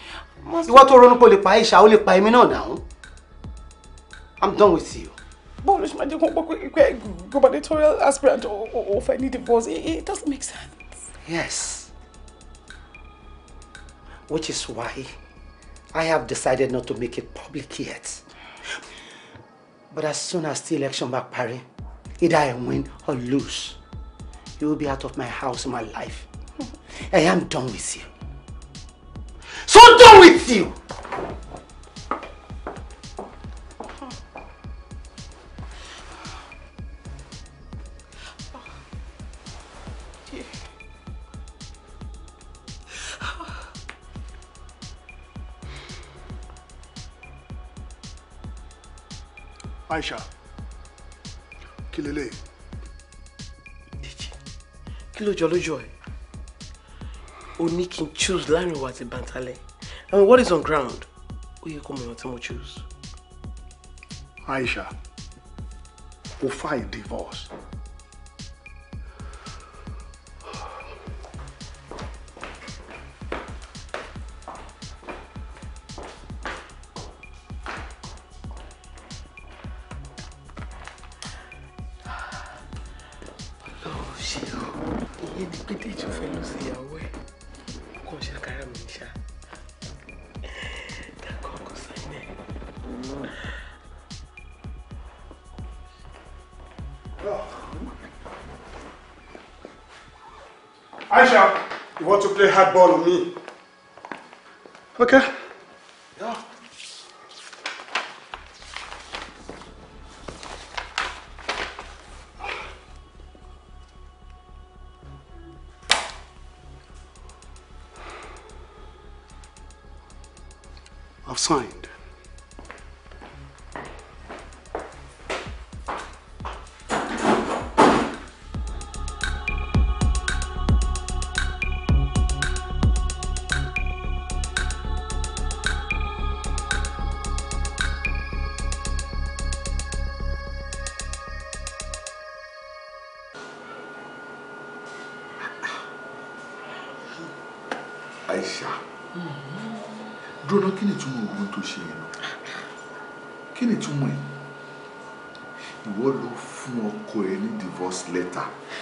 ìwọ tó ronú pé o lè pa aisha o lè pa èmi náà dáhùn i'm done with you. bọ́ọ̀lù ṣe máa jẹ́ kó pọ̀ pé gubernatorial aspirant ò fẹ́ ní divorce it doesn't make sense. yes which is why i have decided not to make it public yet but as soon as the election back parí either i win or lose. You will be out of my house, my life. (laughs) I am done with you. So done with you! Aisha, kí leléyìí? kí ló jọ lójú ẹ o ní kí n choose láàrin ìwà àti bàǹtálẹ̀ I mean what is on ground ó yẹ kó mọ ìwà tí mo choose. Aisha o fa a divorce play hardball with me. Okay.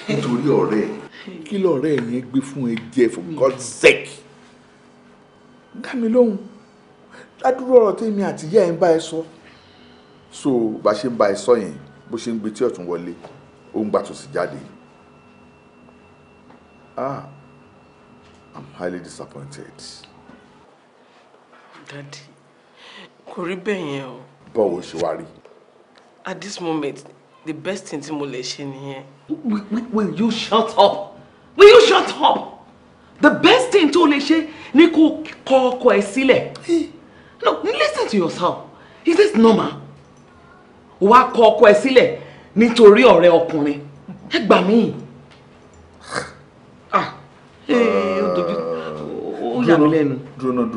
nítorí ọ̀rẹ́ kí lọ̀rẹ́ yẹn gbé fún ẹ jẹ for God's sake dá mi ládùúrú ọ̀rọ̀ tèmi àti ìyá ẹ̀ ń bá ẹ sọ so bá ṣe ń bá ẹ sọ yẹn bó ṣe ń gbé tí ọ̀tún wọlé ó ń gbà tó jáde ah I'm highly disappointed. Daddy kò rí bẹ́ẹ̀ yẹn o. bọ́ọ̀ ṣe wá rí. at this moment the best thing tí mo lè ṣe nìyẹn. will you shut up will you shut up the best thing tó lè ṣe ni kó kọ ọkọ ẹ sílẹ̀ no listen to yourself is this normal wàá kọ ọkọ ẹ sílẹ̀ nítorí ọ̀rẹ́ ọkùnrin ẹ gbà mí ah ee eh, o dojú ó yà mí Drone. Drone.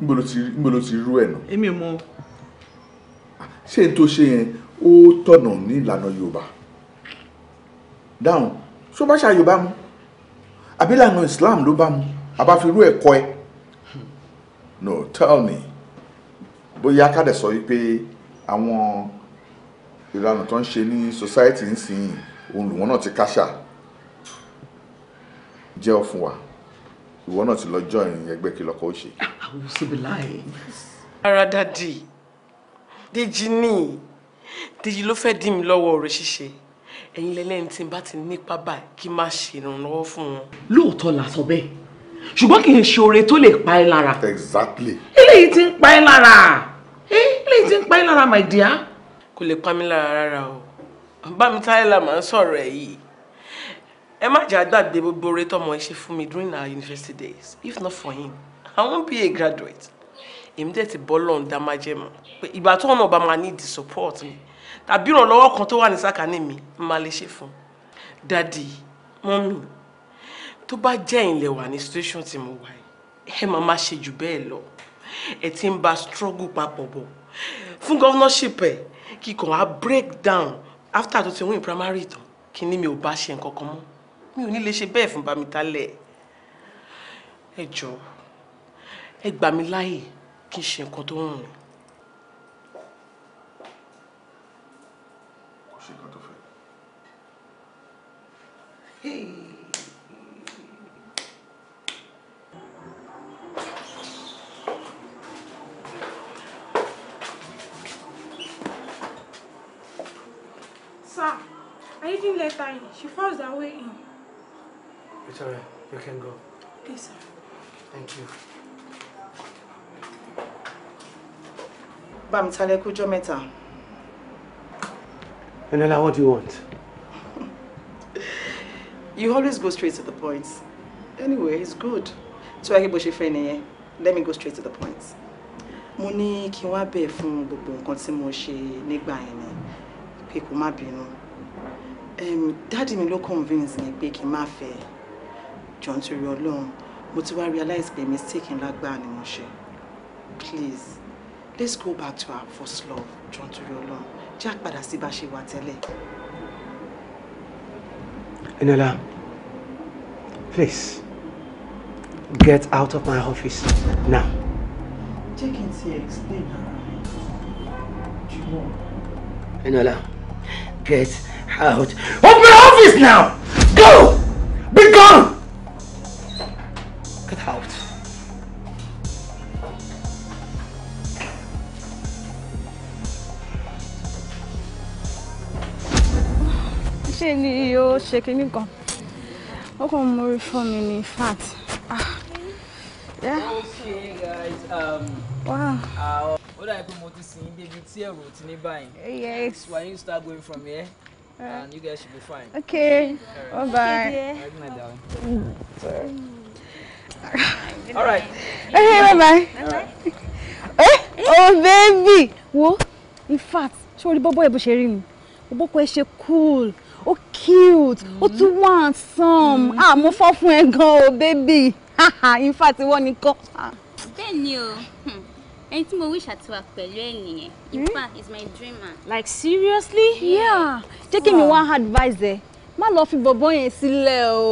dúró dúró ngbolo ti rú ẹ̀ nà. èmi mọ. Ah, ṣé n tó ṣe yẹn ó tọ̀nà ní ìlànà yorùbá dáhùn ṣó bá ṣà yorùbá mu àbí ìlànà islam ló bá mu àbáfirú ẹ̀kọ́ ẹ no tell me bóyá ká dẹ̀ sọ wípé àwọn ìlànà tó ń ṣe ní society ń sìn òun lùwọ́n náà ti káṣà jẹ́ ọ fún wa ìwọ náà ti lọ join ẹgbẹ́ kí lọkọ ó ṣe. àwọn òṣèlú láàyè. ara dadi dèjì Dèjì ló fẹ́ dì mí lọ́wọ́ ọ̀rọ̀ ṣíṣe ẹ̀yin lẹ́lẹ́ni tí n bá ti nípa báyìí kí n má ṣe ìrànlọ́wọ́ fún wọn. lóòótọ́ la sọ bẹ́ẹ̀ ṣùgbọ́n kì í ṣe oore tó lè pa ẹ́ lára. exactly. eléyìí ti ń pa ẹ́ lára eléyìí ti ń pa ẹ́ lára my dear. kò lè pa mí lára rárá o bá mi táyé la máa ń sọ̀rọ̀ ẹ̀ yìí ẹ má jà gbàgbé gbogbo oore tọmọ ẹ ṣe fún mi during our university days if not for him i won't be a graduate èmi dẹ̀ ti bọ́ lọ́ọ̀dá májẹ̀mọ́ pé ìgbà tó ọ̀nà ọba máa need the support mi tàbí ìrànlọ́wọ́ kan tó wà ní sàkání mi máa lè ṣe fún un dadi mọ́mì tó bá jẹ́ ìlẹ̀ wà ní situation tí mo wà yìí ẹ máa má ṣe jù bẹ́ẹ̀ lọ ẹ ti ń ba struggle papọ̀ bọ̀ fún governorship ẹ kíkan á break down after tó ti win primary tán kí ni mi ò bá ṣe nǹkan kan mọ́ mi ò ní lè ṣe bẹ́ẹ̀ fún Bámitálẹ̀ ẹ jọ̀ọ́ ẹ gbà mí láàyè kí n ṣe nǹkan tó ń rìn Sir, I didn't let her in. She forced her way in. It's alright. You can go. Okay, sir. Thank you. Bamtale, kújọ́ mẹ́ta. Enela, what do you want? you always go straight to the point anyway it's good tí wàá kí bó ṣe let me go straight to the point mo ní kí n wá bẹ̀ fún gbogbo nǹkan tí mo ṣe nígbà yẹn ni pé kó má bínú dáàdì mi ló convince mi pé kí n má fẹ́ jọ̀ọ́ nítorí ọlọ́run mo ti wá realize pé mistake ńlá gbáà ni mo ṣe please let's go back to our first love John to jọ̀ọ́ nítorí ọlọ́run jẹ́ àpàdà sí bá ṣe wà tẹ́lẹ̀. Inola, please, get out of my office now. Jẹ́ kí n explain ara mi. Jùmọ̀. Inola, get out of my office now! Go! Be gone! ó ṣe kinní kan ó kàn mú fún mi ní fat. okay ah, guys. Um, wow. ó dàbí pé mo ti sìn ín débi tí ẹ̀rù ti ní báyìí. yes. why you start going from here. And you guys should be fine. Okay. Right. Bye bye. All right. Okay, bye bye. Eh? Oh baby. Wo? In fact, ṣé o rí bọ́bọ́ ẹ̀ bó ṣe rí mi? Bọ́bọ́ kọ́ ẹ ṣe cool. Oh, cute Oh, tún wà handsome àmọ́ mm-hmm. ah, fọ́ fún ẹ gan o baby (laughs) in fact wọ́n ní kọ́. bẹ́ẹ̀ ni o hmm. ẹni tí mo wish àti wà pẹ̀lú ẹ nìyẹn ifa hmm? is my dream man. like seriously. yeah jẹ́ kí mi wá advice ẹ má lọ fi bọ̀bọ̀ yẹn sílẹ̀ o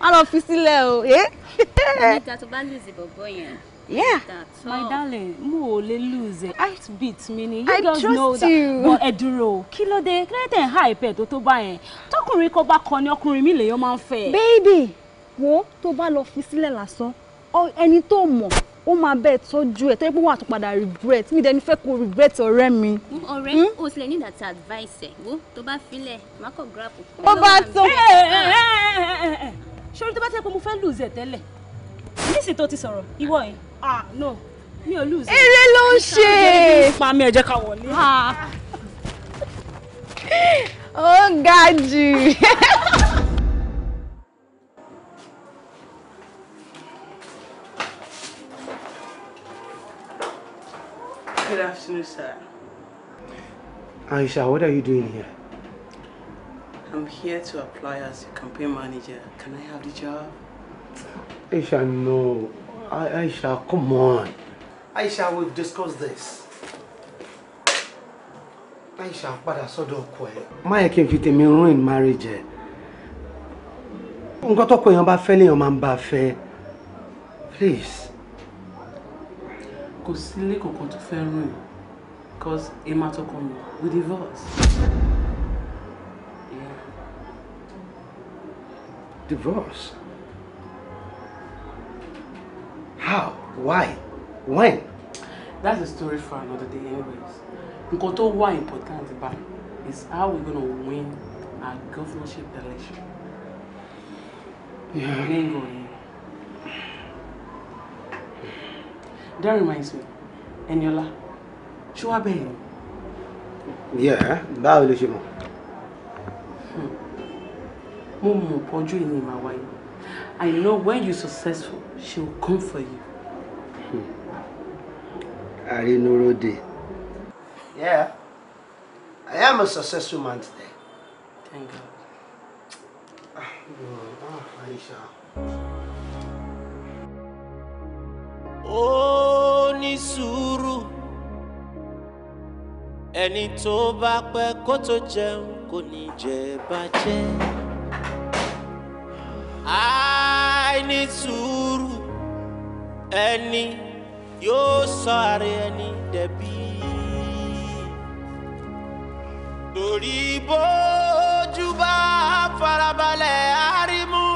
má lọ fi sílẹ̀ o. Eh? nígbà tó bá lùzì bọ̀bọ̀ yẹn. Yeah. That's My darling, mo ò lose it. Heartbeat mi ni. You I just trust know that. you. But ẹ dúró, kí ló dé? Kí ló dé hype ẹ̀ tó tó bá yẹn? Tọkùnrin kò ni ọkùnrin mi lèèyàn máa ń fẹ́. Baby, wo tó bá lọ fi sílẹ̀ lásán, ẹni tó mọ̀ ó máa bẹ́ẹ̀ tọ́jú ẹ̀ tẹ́lẹ̀ pé wọ́n àtúpadà regret mi dẹni fẹ́ kó regret ọ̀rẹ́ mi. Hmm, ọ̀rẹ́ hmm? o tilẹ̀ ní that advice ẹ̀ wo tó bá filẹ̀ má kọ̀ grab o. ó bá tó. Eh, eh, eh, ṣé orí tó bá tẹ́lẹ̀ pé mo fẹ́ lose ẹ̀ tẹ́lẹ̀ nísìnyí tó ti sọ̀rọ̀ ìwọ yìí ah no mi ò lose. eré ló ń ṣe. pa mi ẹ jẹ́ ká wọlé. Ah. ó ga jù. Good afternoon, sir. Aisha, what are you doing here? I'm here to apply as a campaign manager. Can I have the job? Aisha, no. Aisha, come on. Aisha, we've discussed this. Aisha, but I ọkọ don't Má yẹ kí n fi ruin marriage ẹ̀. Nǹkan tọ́kọ èèyàn bá fẹ́ léèyàn máa ń bá fẹ́. Please. Kò sí ilé kankan tó fẹ́ ruin. Cause Emma tọkọ mi, we divorce. Yeah. Divorce? How? Why? When? That's a story for another day anyways. Nǹkan why important But is how we're gonna win our governorship election. Yeah. Bingo. That reminds me, Eniola, ṣé wàá bẹ̀rẹ̀ Yeah, báwo ló ṣe mọ̀? Hmm. Mo mọ̀ pọ́jú ìní I know when you're successful, she will come for you. Are hmm. you Arinurode. Yeah. I am a successful man today. Thank God. oh, Aisha. Ó ní sùúrù ẹni tó bá pẹ́ kó tó jẹun ẹni yóò sọ ara ẹni dẹ̀bi torí bójú bá farabalẹ̀ árímú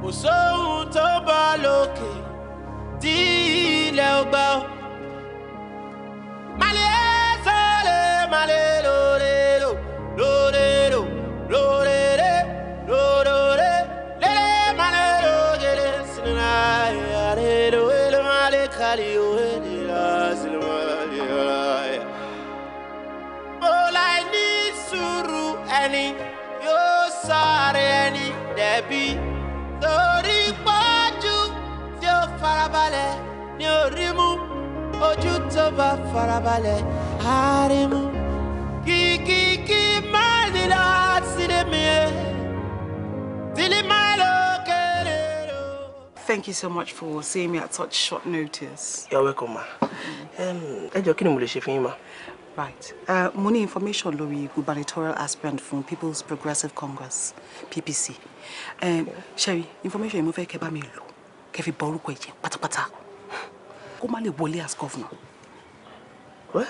kò sóhun tó bọ́ lókè tí ilẹ̀ ọgbà ó. ẹni yóò sáré ẹni dẹ̀bi torí pọ́jú tí ó farabalẹ̀ ní orí mú ojú tó bá farabalẹ̀ àárí mú kìkìkì máa nílò àtìlémi ẹ̀ e, tìlí máa lọ Thank you so much for seeing me at such short notice. You're welcome ma. Ẹ jọ kí ni mo lè ṣe fún yín ma. Right. Uh, mo ní information lórí gubernatorial aspirant fún People's Progressive Congress PPC. Um, Sherry, information yìí mo fẹ́ kẹ́ bá mi lò kẹ́ fi bọ orúkọ ìjẹ pátápátá kó má lè wọlé as governor. Well,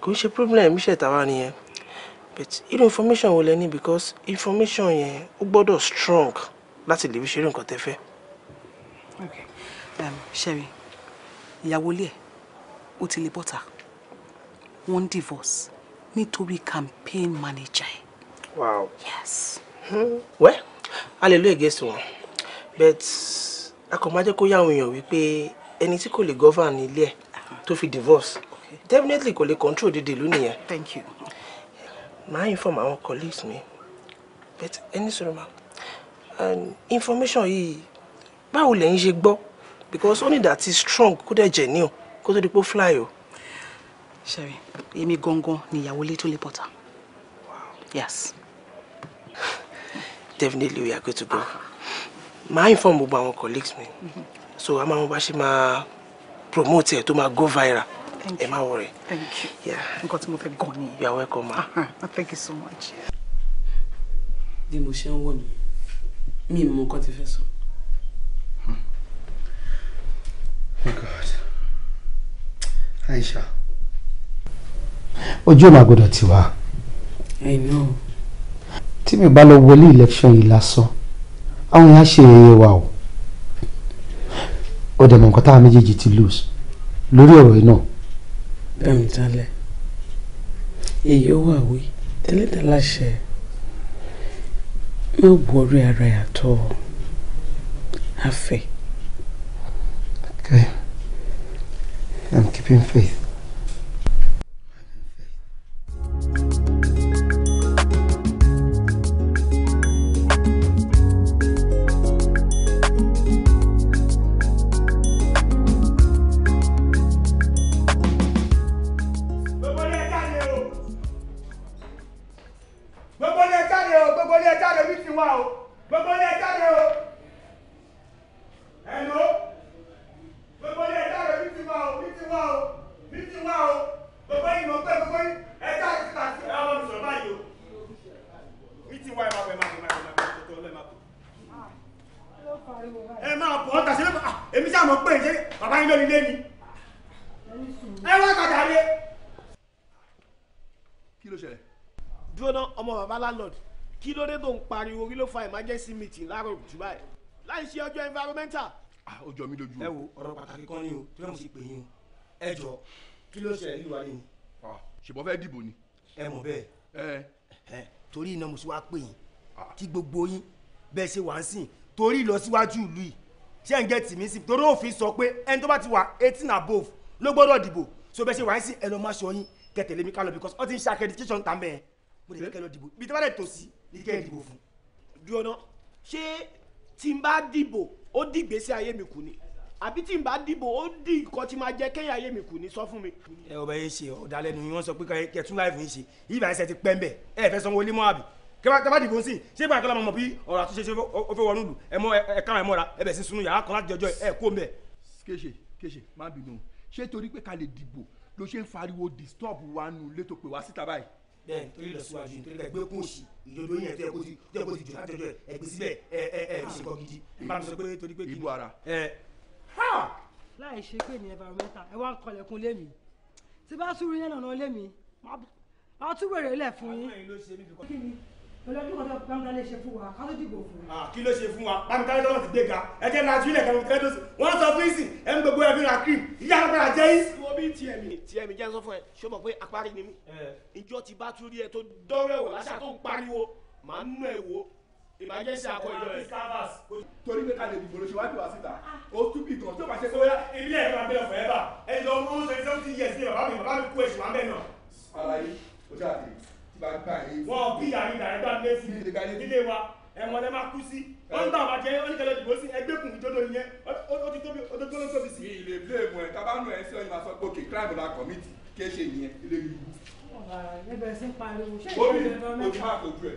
kò ṣe problem iṣẹ́ tàwa nìyẹn but irú information wo lẹ ní because information yẹn ó gbọ́dọ̀ strong láti lè fi ṣeré nǹkan tẹ́ fẹ́. Okay. Um, Sherry, ìyàwó ilé ẹ̀ ó ti lè bọ́ta wọ́n divorce to be campaign manager wow yes. Hmm. well a lè lo against wọn but I kò má jẹ́ kó yá àwọn èèyàn wípé ẹni tí kò lè govern ilé ẹ̀ tó fi divorce okay. definitely kò lè control dédé ìlú nìyẹn. thank you. màá inform àwọn colleagues me. but any sọ̀rọ̀ ma um, information yìí báwo lẹ́yìn ṣe gbọ́ because only that is strong Could dẹ̀ genuine? Because the people fly you. Sherry, èmi gangan ni ìyàwó Little Porter. Wow. Yes. (sighs) Definitely we are going to go. Màá inform gbogbo àwọn colleagues mi. Mm-hmm. So a máa ń bá ṣe máa promote ẹ̀ tó máa go viral. Thank you. Ẹ má worry. Thank you. Yeah. Nǹkan tí mo fẹ́ gan ni. You are welcome ma. Uh-huh. Uh -huh. Thank you so much. Bí mo ṣe ń wò ní, mi ò mọ nǹkan fẹ́ sọ. Hmm. My God. Aisha ojú ò máa gbọdọ̀ tì wá. I know. tí mi bá lọ wọlé election yìí lásán àwọn èèyàn ṣe yẹ̀yẹ́ wa o ó dẹ̀ mọ̀ nǹkan táwọn méjèèjì ti lose lórí ọ̀rọ̀ yìí náà. bẹ́ẹ̀ni tálẹ̀ èyí ó wà wí ẹlẹ́dàá láṣẹ má wọrí ara yàtọ̀ afẹ́. Okay. I'm keeping faith. ló fa emergency meeting láàárọ̀ jù báyìí láì ṣe ọjọ́ environmental. Ah, ó jọ lójú. ẹ wo ọ̀rọ̀ pàtàkì kan ni o tí wọ́n sì pè yín o ẹ jọ kí ló ṣẹlẹ̀ ìlú wa ni. ṣùgbọ́n fẹ́ dìbò ni. ẹ mọ̀ bẹ́ẹ̀. torí iná mo sì pè yín ah. kí gbogbo yín bẹ́ẹ̀ ṣe wá ń sìn torí ìlọsíwájú ìlú yìí ṣé ń jẹ́ tìmí sí torí òfin sọ pé ẹni tó bá ti wà eighteen above ló gbọ́dọ̀ dìbò so bẹ́ẹ̀ ṣe wá ń sìn ẹ lọ má ṣọ yín kẹtẹ̀lé mi because ọ ń ṣe accreditation tàmẹ́ ẹ mo lè kẹ́ lọ dìbò ibi tí wọ́n lè tò sí ní kẹ́ ẹ dìbò fún dúró ná ṣé tí n bá dìbò ó dì gbèsè ayé mi kù ni àbí tí n bá dìbò ó dì nǹkan tí máa jẹ kẹ́yìn ayé mi kù ni sọ fún mi. ẹ ọba yìí ṣe ọ̀dàlẹ́nu yìí wọ́n sọ pé kẹtún láì fún yìí ṣe yìí báyìí ṣe ti pẹ́ ń bẹ̀ ẹ fẹ́ sanwó límọ́ àbí kẹfà dìbò ń sìn ṣé báyìí kọ́lá mọ̀ bí ọ̀rọ̀ àtúnṣe ṣe ó fẹ́ wọnú lù ẹ mọ ẹ kára ẹ mọ́ra ẹ bẹ̀ sí sunu yàrá kan láti jọjọ́ ẹ kó ń bẹ̀. kéṣe kéṣe má bínú ṣé torí pé ká lè dìbò ló ṣe ń fariwo disturb wa nù létò pé wá síta báyìí ẹ nítorí ìlọsíwájú nítorí ká gbé kún òsì yẹn tó kó ti tó kó ti jù látọjọ ẹ ẹgbẹ síbẹ̀ ẹ ẹ ẹ ṣe kọ gidi ìbámu sọ pé torí pé kí ibu ara. ẹ ha. láì ṣe pé ní environmental ẹ wá ń kọlẹ̀kùn lémi tí bá tún rí yẹn nànà lémi máa tún wèrè lẹ̀ fún yín. kí ni olórí kọ́tọ̀ bámidálé ṣe fún wa ká ló wa. Ah, kí ló ṣe fún wa bámidálé tọ́lọ́ ti gbé ga ẹ jẹ́ lajú ilẹ̀ kẹ́mi kẹ́mi tó wọ́n sọ fún ìsìn ẹ̀ ń gbogbo ẹ̀ fi ra cream ìyá àgbàrá jẹ́ ìsìn bí tiẹ̀ mi. tiẹ̀ mi jẹ́ sọ ẹ ṣé o mọ̀ pé apárí ni mí. ìjọ ti bá tún rí ẹ tó dọ́rẹ́ láṣà tó ń pariwo màá nú ẹ wò ìbàjẹ́ ṣe àkọ ìjọ ẹ. torí pé ká lè dìbò ló ṣe wá síta ah. ó tún bí gan tó bá ṣe pé wọ́n ilé ẹ̀ máa bẹ̀rẹ̀ fọ̀ẹ́bà ẹ lọ mú ó ṣe seventy years ní bàbá mi bàbá mi kú èṣù wá bẹ́ẹ̀ náà. àlàyé ojú àti tí bá gbà yé. wọn bí àrídà ẹgbàá ẹ̀wọ̀n lẹ máa kú sí wọ́n tàn àbàjẹ́ oníkẹ́lẹ́ òdìbò sí ẹgbẹ́ kùn ìjọ́dọ̀ nìyẹn ó ti tóbi ó tó tóbi sí. ilé ilé ìmú ẹ tábà nù ẹ sí ọyìn máa sọ pé òkè crime la commit kí ẹ ṣe ìyẹn ilé ìlú. ẹbẹ̀ sí pariwo ṣé ìjọba ojú máa kojú ẹ.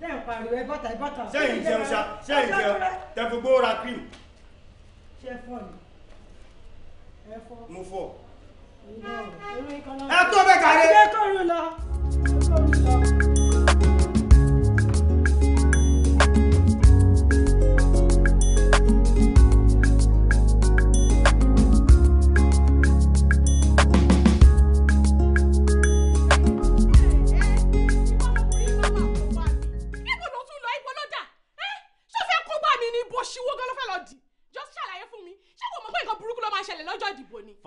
tẹ́ ẹ̀ pariwo ẹ bọ́tà ẹ bọ́tà. sẹ́yìn jẹun ṣá sẹ́yìn jẹun tẹ̀fúgbó ra cream. ṣé fọ́ ni ẹ fọ́. mo fọ́. ẹ tó bẹ́ẹ̀ kàrí. ẹ tó rú lọ.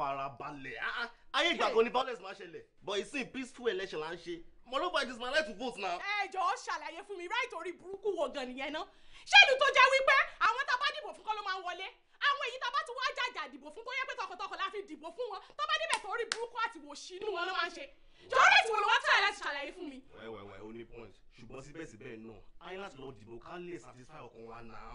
farabalẹ̀ ah, ah, ayé ìgbà kan ni violence máa ṣẹlẹ̀ but it's in peaceful election la ń ṣe moreover it is my right to vote now. ẹ jọ̀ọ́ ṣàlàyé fún mi right orí burúkú wo gan nìyẹn ná ṣé ìlú tó jẹ́ wípé àwọn tá a bá dìbò fún kọ́ ló máa ń wọlé àwọn èyí tá a bá ti wá jàjà dìbò fún tó yẹ pé tọkàntọkàn la fi dìbò fún wọn tó bá débẹ̀ torí burúkú àti wòṣí inú wọn ló máa ń ṣe jọ̀ọ́ láti wọlé wá tí àyà ti ṣàlàyé fún mi. wẹ́wẹ́wẹ́ o ní point ṣùgbọ́n síbẹ̀síbẹ̀ náà ayé láti lọ dìbò ká lè satisfy ọkàn wa náà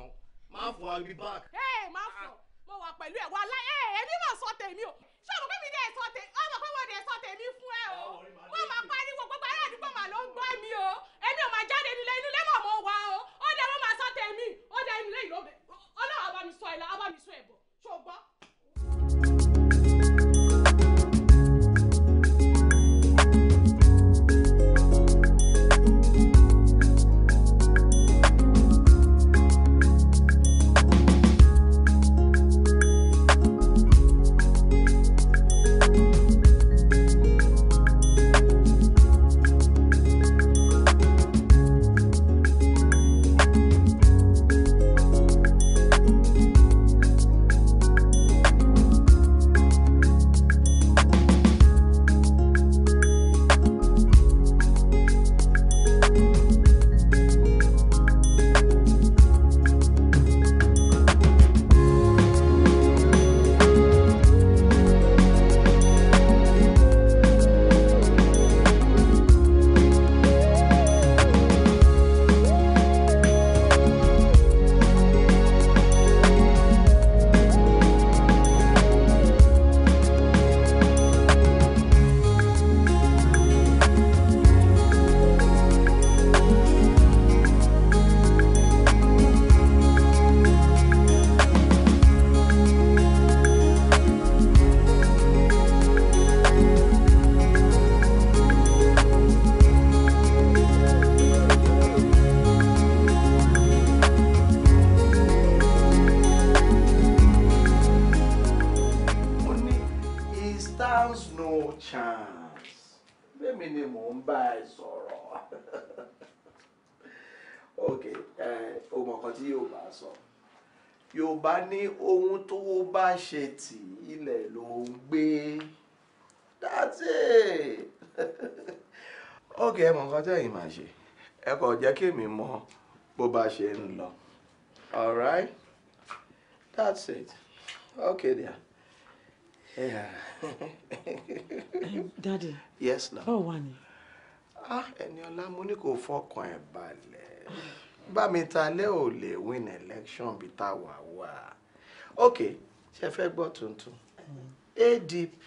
máa fọ àbí back. ẹ máa fọ. Ah, mo wà pẹ̀lú ẹ̀ wà láyé èmi mà sọ tèmi o ṣé ọmọ pé mi dẹ̀ sọ tèmi ọmọ pé mo dẹ̀ sọ tèmi fún ẹ o wọ́n máa pariwo gbogbo ará àdúgbò mà ló ń gbọ́ mi o èmi ò máa jáde nílé inú lẹ́mọ̀ mo wà o ó dẹ̀ wọ́n máa sọ tèmi ó dẹ̀ inú lẹ́yìn ló bẹ̀ ọlọ́run ẹ̀ la abamisọ ẹ̀ bọ̀ ṣó ṣe tì ilẹ̀ ló ń gbé that's it (laughs) ok ẹ mọ nǹkan tẹ́yìn máa ṣe ẹ kò jẹ́ kí èmi mọ bó bá ṣe ń lọ alright that's it Okay, there. Yeah. (laughs) Daddy. Yes, now. Báwo wà ni? Ah, Ẹniọlá, mo ní kò fọkàn ẹ̀ balẹ̀. Bámitalẹ́ ò lè win election bí táwa wà. Okay, ṣe fẹ́ gbọ́ tuntun ADP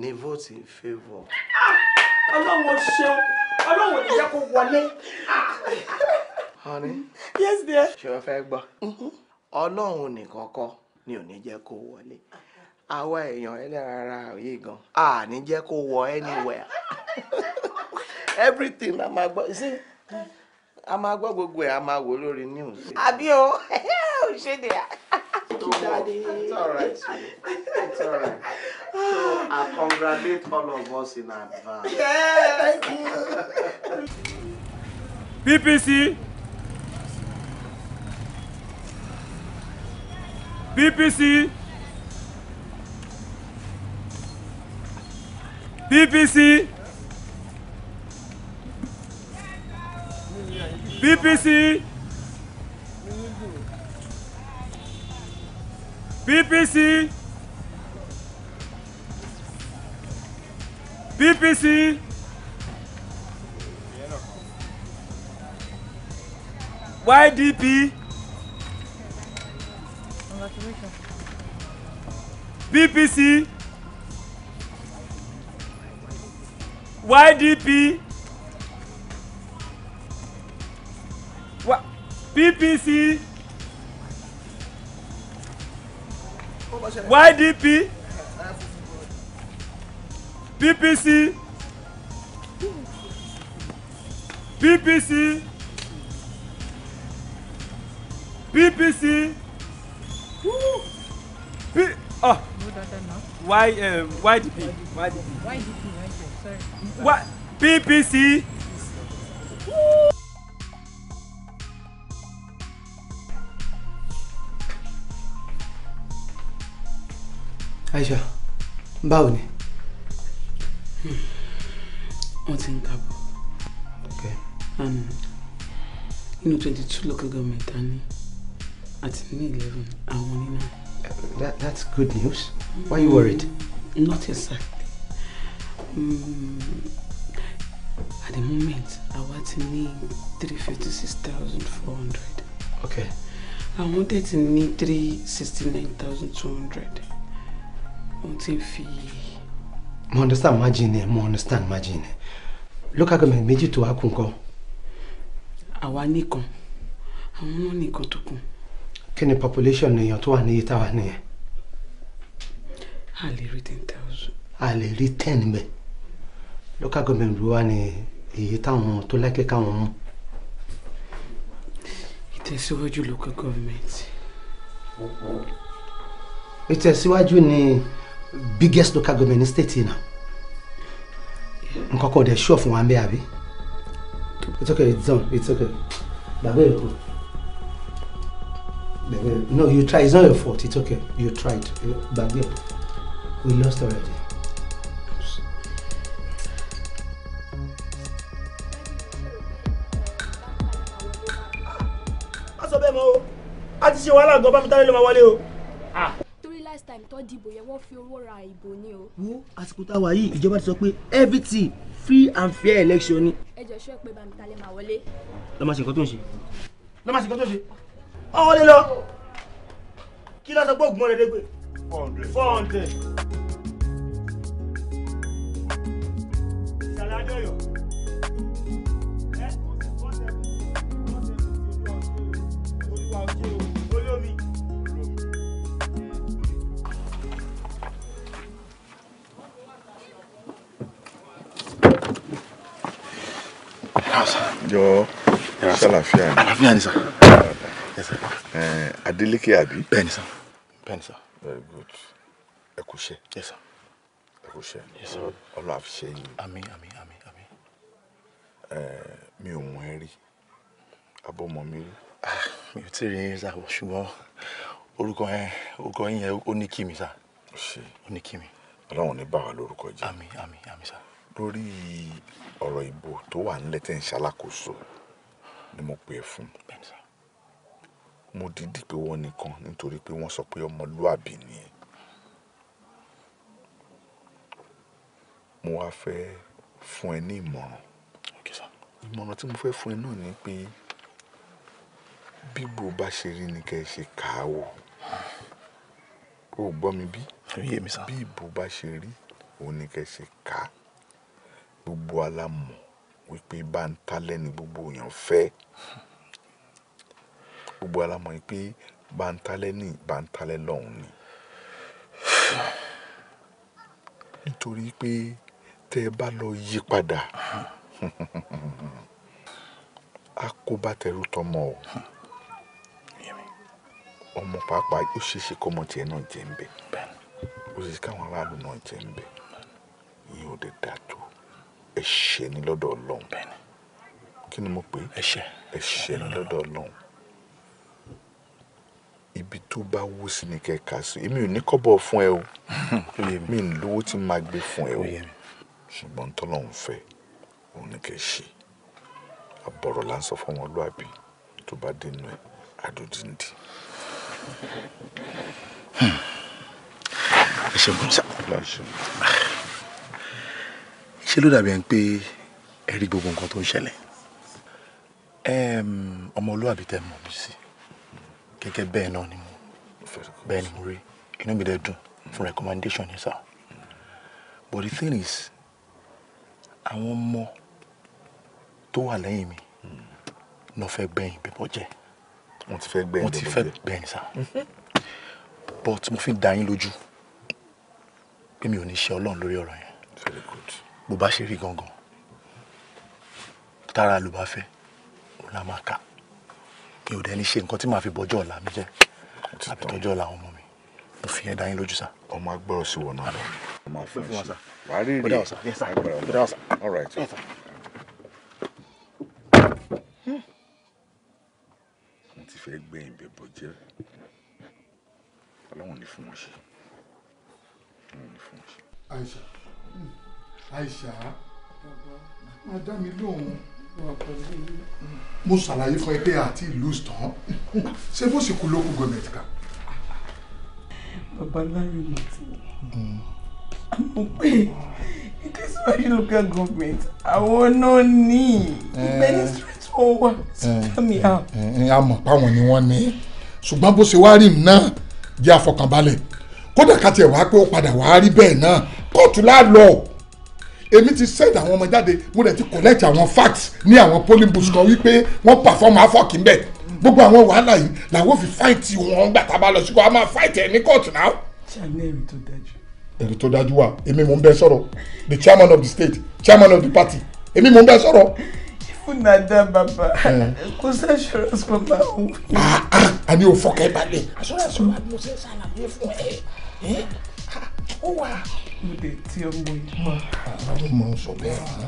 ni vote in favour. ọlọ́wọ́ ṣeun ọlọ́wọ́ ìjẹ́ kó wọlé. honey yes dear. ṣé o fẹ́ gbọ́ ọlọ́run nìkan kọ́ ni ò ní jẹ́ kó wọlé àwa èèyàn ẹlẹ́rara yìí gan a ní jẹ́ kó wọ anywhere everything la máa gbọ́ sí a máa gbọ́ gbogbo ẹ̀ a máa wò lórí news. àbí o (laughs) ò ṣe dè á. Thank you, Daddy. It's all right, sweetie. It's all right. So I congratulate all of us in advance. Yes. Thank you. PPC. PPC. PPC. PPC. bbc bbc ydp bbc ydp ppc. YDP PPC PPC PPC P oh Y um, YDP YDP YDP sorry Y PPC. Woo! Aisha báwo ni. wọ́n ti ń kábọ̀ nínú twenty two local government a ní àti ní eleven àwọn ní nine. That, that's good news. Why are you worried? Mm, not exactly. Mm, at the moment àwa ti ní three fifty six thousand four hundred. Okay. àwọn tẹ̀ ti ní three sixty nine thousand two hundred mo ti fi. mo understand margin ẹ mo understand margin ẹ local government méjì tó wá kù nǹkan. àwa nìkan àwọn náà nìkan tó kù. kí ni population èèyàn tó wà ní iye táwa nìyẹn. a lè rí ten thousand. a lè rí ten bẹ́ẹ̀ local government ló wà ní èyí táwọn tó lẹ́kẹ̀ẹ́ káwọn mú. ìtẹ̀síwájú local government. ìtẹ̀síwájú ni. Mm -hmm biggest local government ní state yìí náà nǹkan kan ò dẹ̀ ṣọ́ baby. it's okay it's done it's okay bàbá èkó bàbá èkó no you try it's not your fault it's okay you tried bàbá we lost already. a ti ṣe wàhálà gan bá mi tálẹ́ ló máa wọlé o. Ah last time tó dìbò yẹn wọ́n fi owó ra ìbò ni o. wo àsìkò tá a wà yìí ìjọba ti sọ pé everything free and fair election ni. ẹ jọ sọ pé bàmí talẹ máa wọlé. lọ máa ṣe nǹkan tó ń ṣe lọ máa ṣe nǹkan tó ń ṣe ọ wọlé lọ kí lọ sọ pé ògùn ọ̀rẹ́dẹ́gbè. four hundred four hundred. ìsàlẹ̀ àjọyọ̀. Thank you. Ah, jọ ṣàlàfíà ni àlàfíà ni sà Adeleke àbí. bẹ́ẹ̀ni sà bẹ́ẹ̀ni sà. very good ẹ kú ṣe. yes sà. ẹ kú ṣe. yes sà. ọlọ́ àfiṣe yìí. àmín àmín àmín àmín. mi ò mọ ẹ rí abọ́mọ mi rí. Ah, mi ò tí ì rí ẹ sà ṣùgbọ́n orúkọ yẹn orúkọ yẹn ó ní kí mi sà. ó ní kí mi. ọlọ́run ní bá wa lórúkọ jẹ́. àmín àmín àmín sà lórí ọ̀rọ̀ ìbò tó wà nílẹ̀ tẹ̀ ń ṣalákòóso ni mo pè é fún. Mo dìídì pé wọ́n nìkan nítorí pé wọ́n sọ pé ọmọlúàbí ni ẹ́. Mo wá fẹ́ fún ẹ ní ìmọ̀ràn. Ìmọ̀ràn tí mo fẹ́ fún ẹ náà ni pé bí ìbò bá ṣe rí ni kí ẹ ṣe kà á wò. O gbọ́ mi bí? Bí ìbò bá ṣe rí, òun ni kí ẹ ṣe kà á gbogbo wa la mọ̀ wípé báńtálẹ́ ni gbogbo èèyàn fẹ́ gbogbo wa la mọ̀ wípé báńtálẹ́ ní báńtálẹ́ lọ́hùn ni nítorí pé tẹ́ ẹ bá lọ yí padà á kó bàtẹ́rù tọmọ o ọmọ pàápàá ó ṣeé ṣe kọ́mọ tiẹ̀ náà jẹ́ ń bẹ̀ ó ṣeé ṣe káwọn aráàlú náà jẹ́ ń bẹ̀ ìyẹn dé dà tó ẹ̀ṣẹ̀ ni lọ́dọ̀ Ọlọ́run kí ni mo pè É ẹ̀ṣẹ̀ ni lọ́dọ̀ Ọlọ́run ibi tó bá wù sí ni kẹka sí èmi ò ní kọ́bọ̀ fún ẹ o (laughs) mi ò lówó tí máa gbé fún ẹ o ṣùgbọ́n tọ́lọ́run fẹ́ òun ni kẹ́ ṣe àbọ̀rọ̀ là ń sọ fún ọmọlúàbí tó bá dénú ẹ àdòdìndì. Hmm. ẹ ṣe kò sá ṣé ló dàbí ẹni pé ẹ rí gbogbo nǹkan tó ń ṣẹlẹ̀ ọmọlúwàbí tẹ mọ̀ bí sí gẹ́gẹ́ bẹ́ẹ̀ náà ni mo bẹ́ẹ̀ ni mo rí inú mi dẹ̀ dùn fún recommendation yẹn sá but the thing is àwọn ọmọ tó wà lẹ́yìn mi náà fẹ́ gbẹ̀yìn bíbọ̀ jẹ́ wọ́n ti fẹ́ gbẹ̀yìn wọ́n ti fẹ́ gbẹ̀yìn sá but mo fi dá yín lójú pé mi ò ní ṣe ọlọ́run lórí ọ̀rọ̀ yẹn. very good bó bá ṣe rí gangan tára ló bá fẹ́ òun la máa kà mi ò dẹ́ni ṣe nǹkan tí màá fi bọ́jọ́ ọ̀la mi jẹ́ àbí tọ́jọ́ ọ̀la àwọn ọmọ mi mo fi yẹn dá yín lójú sá. ọmọ agbọ́rọ̀ sí wọn náà ọmọ afẹ́ sí wà á rí rí agbára ọ̀la all right. Hmm. mo ti fẹ́ gbẹ̀yìn bẹ́ẹ̀ bọ́ jẹ́ ọlọ́run ní fún wọn ṣe ọlọ́run ní fún wọn ṣe. aisha. Mm. Aisha máa dá mi lóhùn mo ṣàlàyé fún ẹ pé àti ìlú tán ṣé bó sì kú lókù gọọmenti ká. bàbá láyé mi ti hmm. mọ̀ pé ìkẹsíwájú local government àwọn náà ní ministry tó wà sítámi eh. à. Eh, eh, a mọ̀ páwọn ni wọ́n ní ṣùgbọ́n bó ṣe wá rí mi náà jẹ́ àfọkànbalẹ̀ kódà ká tiẹ̀ wá pé ó padà wá rí bẹ́ẹ̀ náà kóòtù láà lọ èmi ti send àwọn ọmọ jáde mo dẹ̀ ti collect àwọn facts ní àwọn polling booth kan wípé wọ́n perform afọ́kì ń bẹ̀ gbogbo àwọn wàhálà yìí làwọn fi fight wọn gbà tá a bá lọ sí kó a máa fight ẹ̀ ní court náà. ṣé ní èrè tó dájú. èrè tó dájú wa èmi mò ń bẹ sọ̀rọ̀ the chairman of the state chairman of the party èmi mò ń bẹ sọ̀rọ̀. ìfúnná dá bàbá kò sí assurance bàbá òun. àní ah, ah, òfọkẹ́ balẹ̀ assurance bàbá mo ṣe ṣàlàyé fún ẹ ó wà mo dé tí ọmọ yìí mọ. àwọn ló mọ sọ bẹ́ẹ̀ mọ.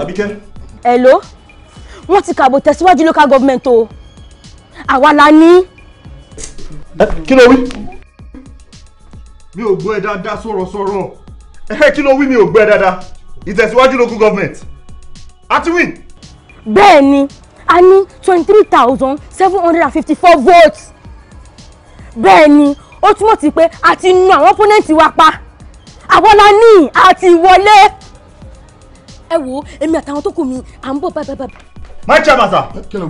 àbíkẹ́. hello wọ́n ti kààbò tẹ̀síwájú local government o àwa la ní. kí ló wí. mi ò gbọ́ ẹ dáadáa sọ̀rọ̀sọ̀rọ̀ ẹ kí ló wí mi ò gbọ́ ẹ dáadáa ìtẹ̀síwájú local government àti win bẹ́ẹ̀ ni a ní twenty three thousand seven hundred and fifty four votes bẹ́ẹ̀ ni ó túmọ̀ sí pé a ti nu àwọn opponent wa pa àwọlá ní àti ìwọlé. ẹ wo èmi àtàwọn tó kù mi à ń bọ̀ báyìí báyìí. my chairman sir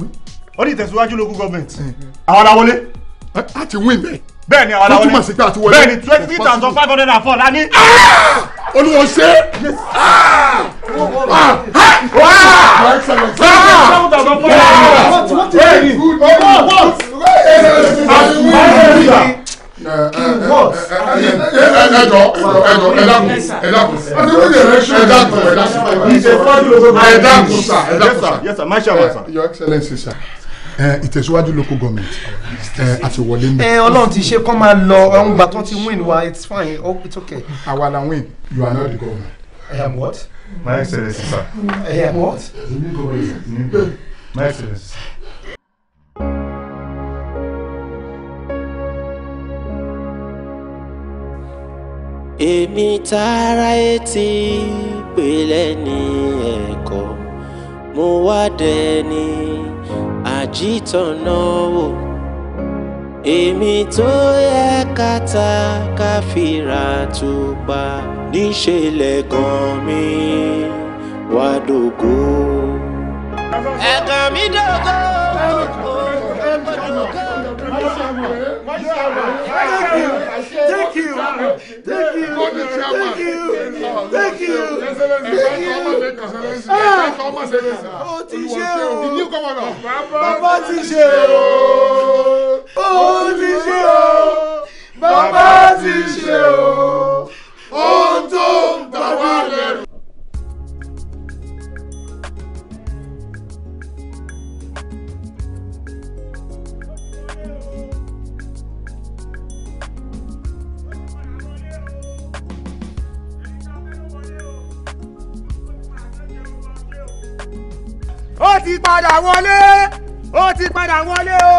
ó ní ìtẹ̀síwájú local government àwọn la a ti win bẹ́ẹ̀ bẹ́ẹ̀ ni àwọn làwọn ní bẹ́ẹ̀ ni twenty three thousand five hundred and four la ní. olùwọ̀ ṣe. Your Excellency, sir. Eh, ìtẹ̀síwájú local government àti eh, wọlé ń bẹ. ẹ ọlọ́run ti ṣe kọ́ máa lọ ọ̀hún gbà tó ti win wa it's fine oh, it's okay. àwa la win you are not the government. I am what? My excellency sir. I am what? The new government. My excellency. èmi tààrà etí pèlẹ́ ní ẹ̀kọ́ mo wá dẹni àjítọ̀nà wò èmi tó yẹ kàtà káfíra tupa níṣẹ́ lẹ́gàn mi wá dògó. ẹ̀gàn mi dògó. Thank you. Thank you. Thank you. Thank you. Thank ah. you. Ó ti ṣe o. Bàbá ti ṣe o. Ó ti ṣe o. Bàbá ti ṣe o. Ohun tó. ti padà wọlé ó ti padà wọlé o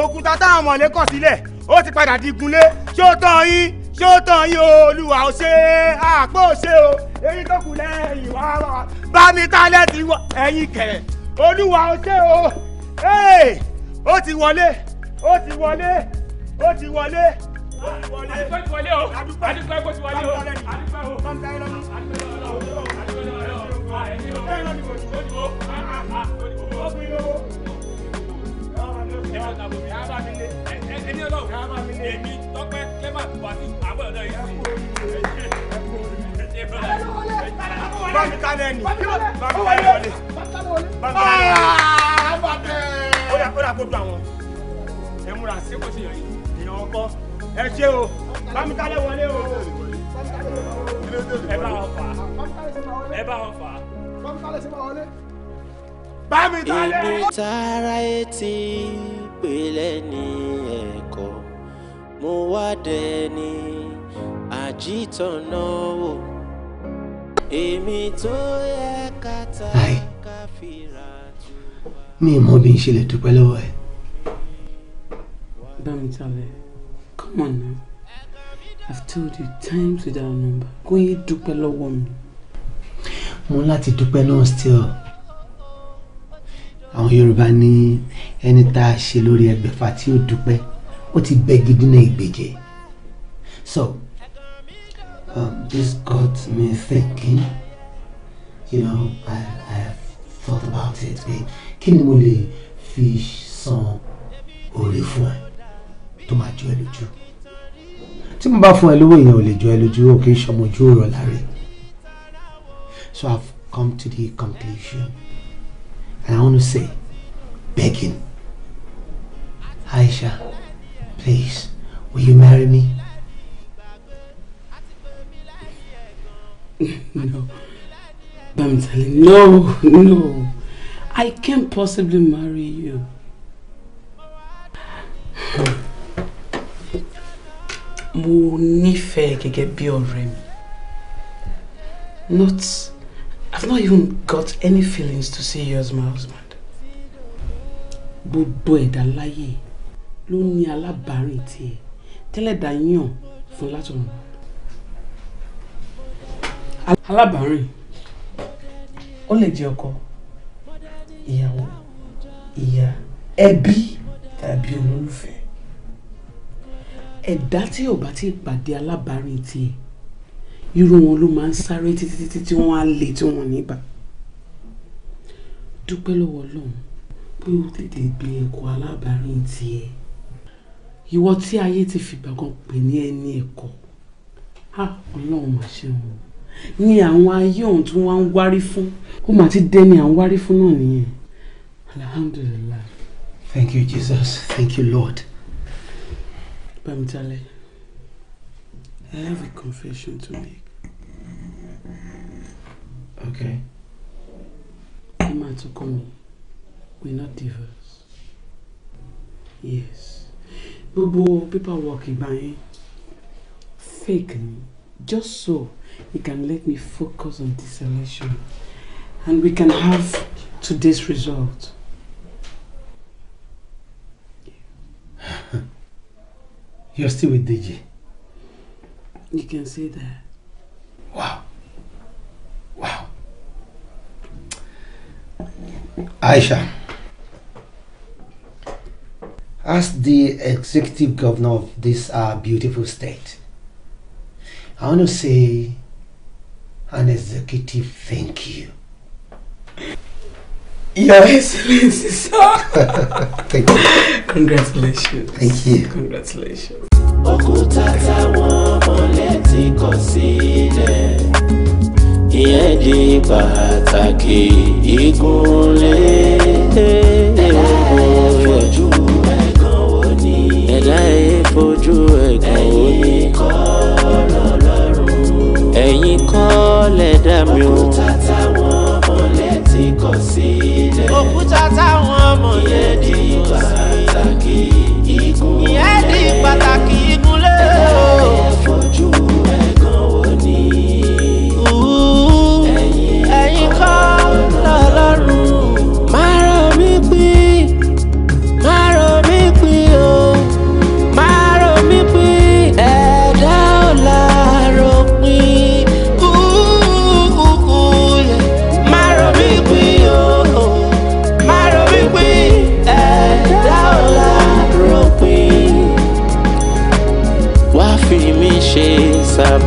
òkúta táwọn mọ̀lẹ́ kọ̀ sílẹ̀ ó ti padà digunlé ṣé ó tán yín ṣé ó tán yín o olúwa ò ṣe àpò ò ṣe o èyí tó kù lẹ́yìn wá wá bá mi tálẹ̀ ti wọ ẹ̀yìn kẹ̀ olúwa ò ṣe o ó ti wọlé ó ti wọlé ó ti wọlé ó ti wọlé adúpẹ́ adúpẹ́ ó ti wọlé o adúpẹ́ o adúpẹ́ o ẹni ọlọ́run èmi tọ́pẹ́ clement buhari àwọn ọ̀dọ́ yìí bámi kálẹ̀ ni bámi kálẹ̀ wọlé bámi kálẹ̀ wọlé ó yà kó dà kó do àwọn ẹ múra sí kó sì yàn yìí èèyàn ọkọ ẹ ṣe o bámi kálẹ̀ wọlé o ẹ bá wọn fà á ẹ bá wọn fà á. bámi tálẹ̀. ibi tára etí pèlẹ́ ní ẹ̀kọ́ mo wá dẹni àjítọ̀nà wò èmi tó yẹ ká ta jù mi mọ bí n ṣe lè dúpẹ́ lọ́wọ́ ẹ. bámi tálẹ̀ come on now. I've told you times without number kò yé dúpẹ́ lọ́wọ́ mi. mo láti dúpẹ́ náà still àwọn Yorùbá ní ẹni tá a ṣe lórí ẹgbẹ̀fà tí ó dúpẹ́ ó ti bẹ́ gidi náà ìgbèjẹ so um, this got me thinking you know I, I have thought about it pé kí ni mo lè fi san oore fún ẹ tó máa jọ ẹ lójú tí mo bá fún ẹ lówó ìyẹn ò lè jọ ẹ lójú ó kì í ṣọmọ ojú ọ̀rọ̀ láre so I've come to the conclusion and I want to say begging Aisha please will you marry me. (laughs) no Bamtali no no I can't possibly marry you. (sighs) (sighs) (sighs) mo nífẹ̀ẹ́ gẹ́gẹ́ bí ọ̀rẹ́ mi not I've not even got any feelings to see you as my husband gbogbo ẹ̀dá láyé ló ní alábàárìn tiẹ̀ tẹ́lẹ̀dá yàn fún látọ̀run alábàárìn ó lè jẹ́ ọkọ ìyàwó ìyá ẹbí tàbí olólùfẹ́ ẹ̀dá tí ò bá ti pàdé alábàárìn tiẹ̀ irú wọn ló máa ń sáré títí títí tí wọ́n á lè tí wọ́n níbà dúpẹ́ lọ́wọ́ ọlọ́run pé ó tètè gbé ẹ̀kọ́ alábàárìn tiẹ̀ ìwọ tí ayé ti fìgbà kan pè ní ẹni ẹ̀kọ́ á ọlọ́run mà ṣe wọn ni àwọn ayé ọ̀hún tí wọ́n á ń wárí fún ó mà ti dẹ́ni à ń wárí fún náà nìyẹn alhamdulillah. thank you jesus thank you lord. But I'm Bamjale, I have a confession to make. Okay. to call me. we're not divorced. Yes. Gbogbo paperwork ìgbà yẹn fake ni just so you can let me focus on this election and we can have today's result. Yeah. (laughs) You're still with DJ. You can say that. Wow. Wow. Aisha. As the executive governor of this uh, beautiful state, I want to say an executive thank you. Your Excellency, sir. (laughs) Thank you. Congratulations. Thank you. Congratulations. Òkúta táwọn ọmọlẹ̀ ti kọ̀ sílẹ̀, ìyẹn di pàtàkì ìgúnlé. Ẹ̀dá ẹ̀ ẹ̀gàn wò Ẹ̀dá ẹ̀ ẹ̀gàn wò kọ́ lọ́lọ́run. Ẹ̀yin kọ́ lẹ̀dá mi o. Òkúta táwọn ọmọlẹ̀ ti kọ̀ sílẹ̀ yé dìgbà.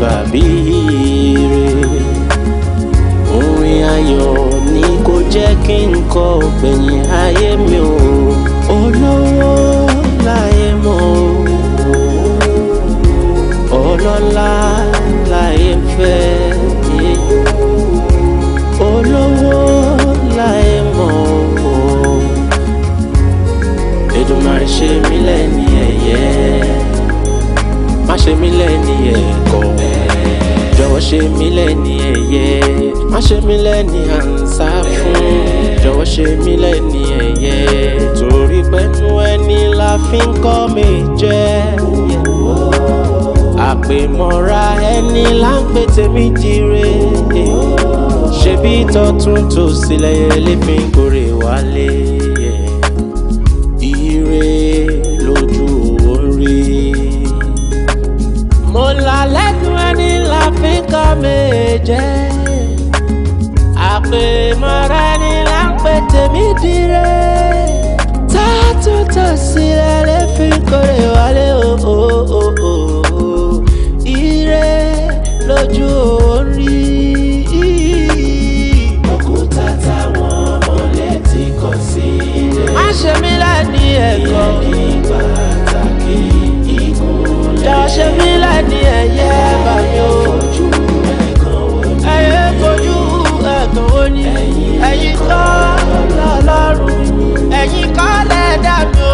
bàbí ire orin ayọ̀ ni kò jẹ́ kí n kọ ògbẹ̀yìn ayé mi o olówó láyé mọ́ o ọlọ́lá láyé fẹ́ olówó láyé mọ́ o Èdùmàrè ṣe mí lẹ́ni ẹ̀yẹ má ṣe mí lẹ́ni ẹ̀kọ́ jọ̀wọ́ ṣe mí lẹ́ni ẹ̀yẹ má ṣe mí lẹ́ni à ń sá fún jọ̀wọ́ ṣe mí lẹ́ni ẹ̀yẹ torí pẹ̀lú ẹni la fi ń kọ́ mi jẹ́ àpèmọ́ra ẹni là ń pè tèmi jíire ṣebí tọ́tún tòsílẹ̀ yẹlé fi ń kórè wálé. oríkà méje àpèmọ́ra ni là ń pè tèmi dire tátútà sílẹ̀ lè fi kórè wálé òòó ire lójú òun rí. òkúta táwọn ọmọ létí kọ sí ilé. má ṣe mí láì ẹ̀kọ́. ìyẹn ní pàtàkì ìkúnlẹ̀. jọ ṣe mí ẹ̀yin tó lọ́lọ́run ẹ̀yin kọ́lẹ̀ dàdó.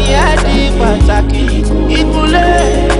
ìyá di pàtàkì ìkúlẹ̀.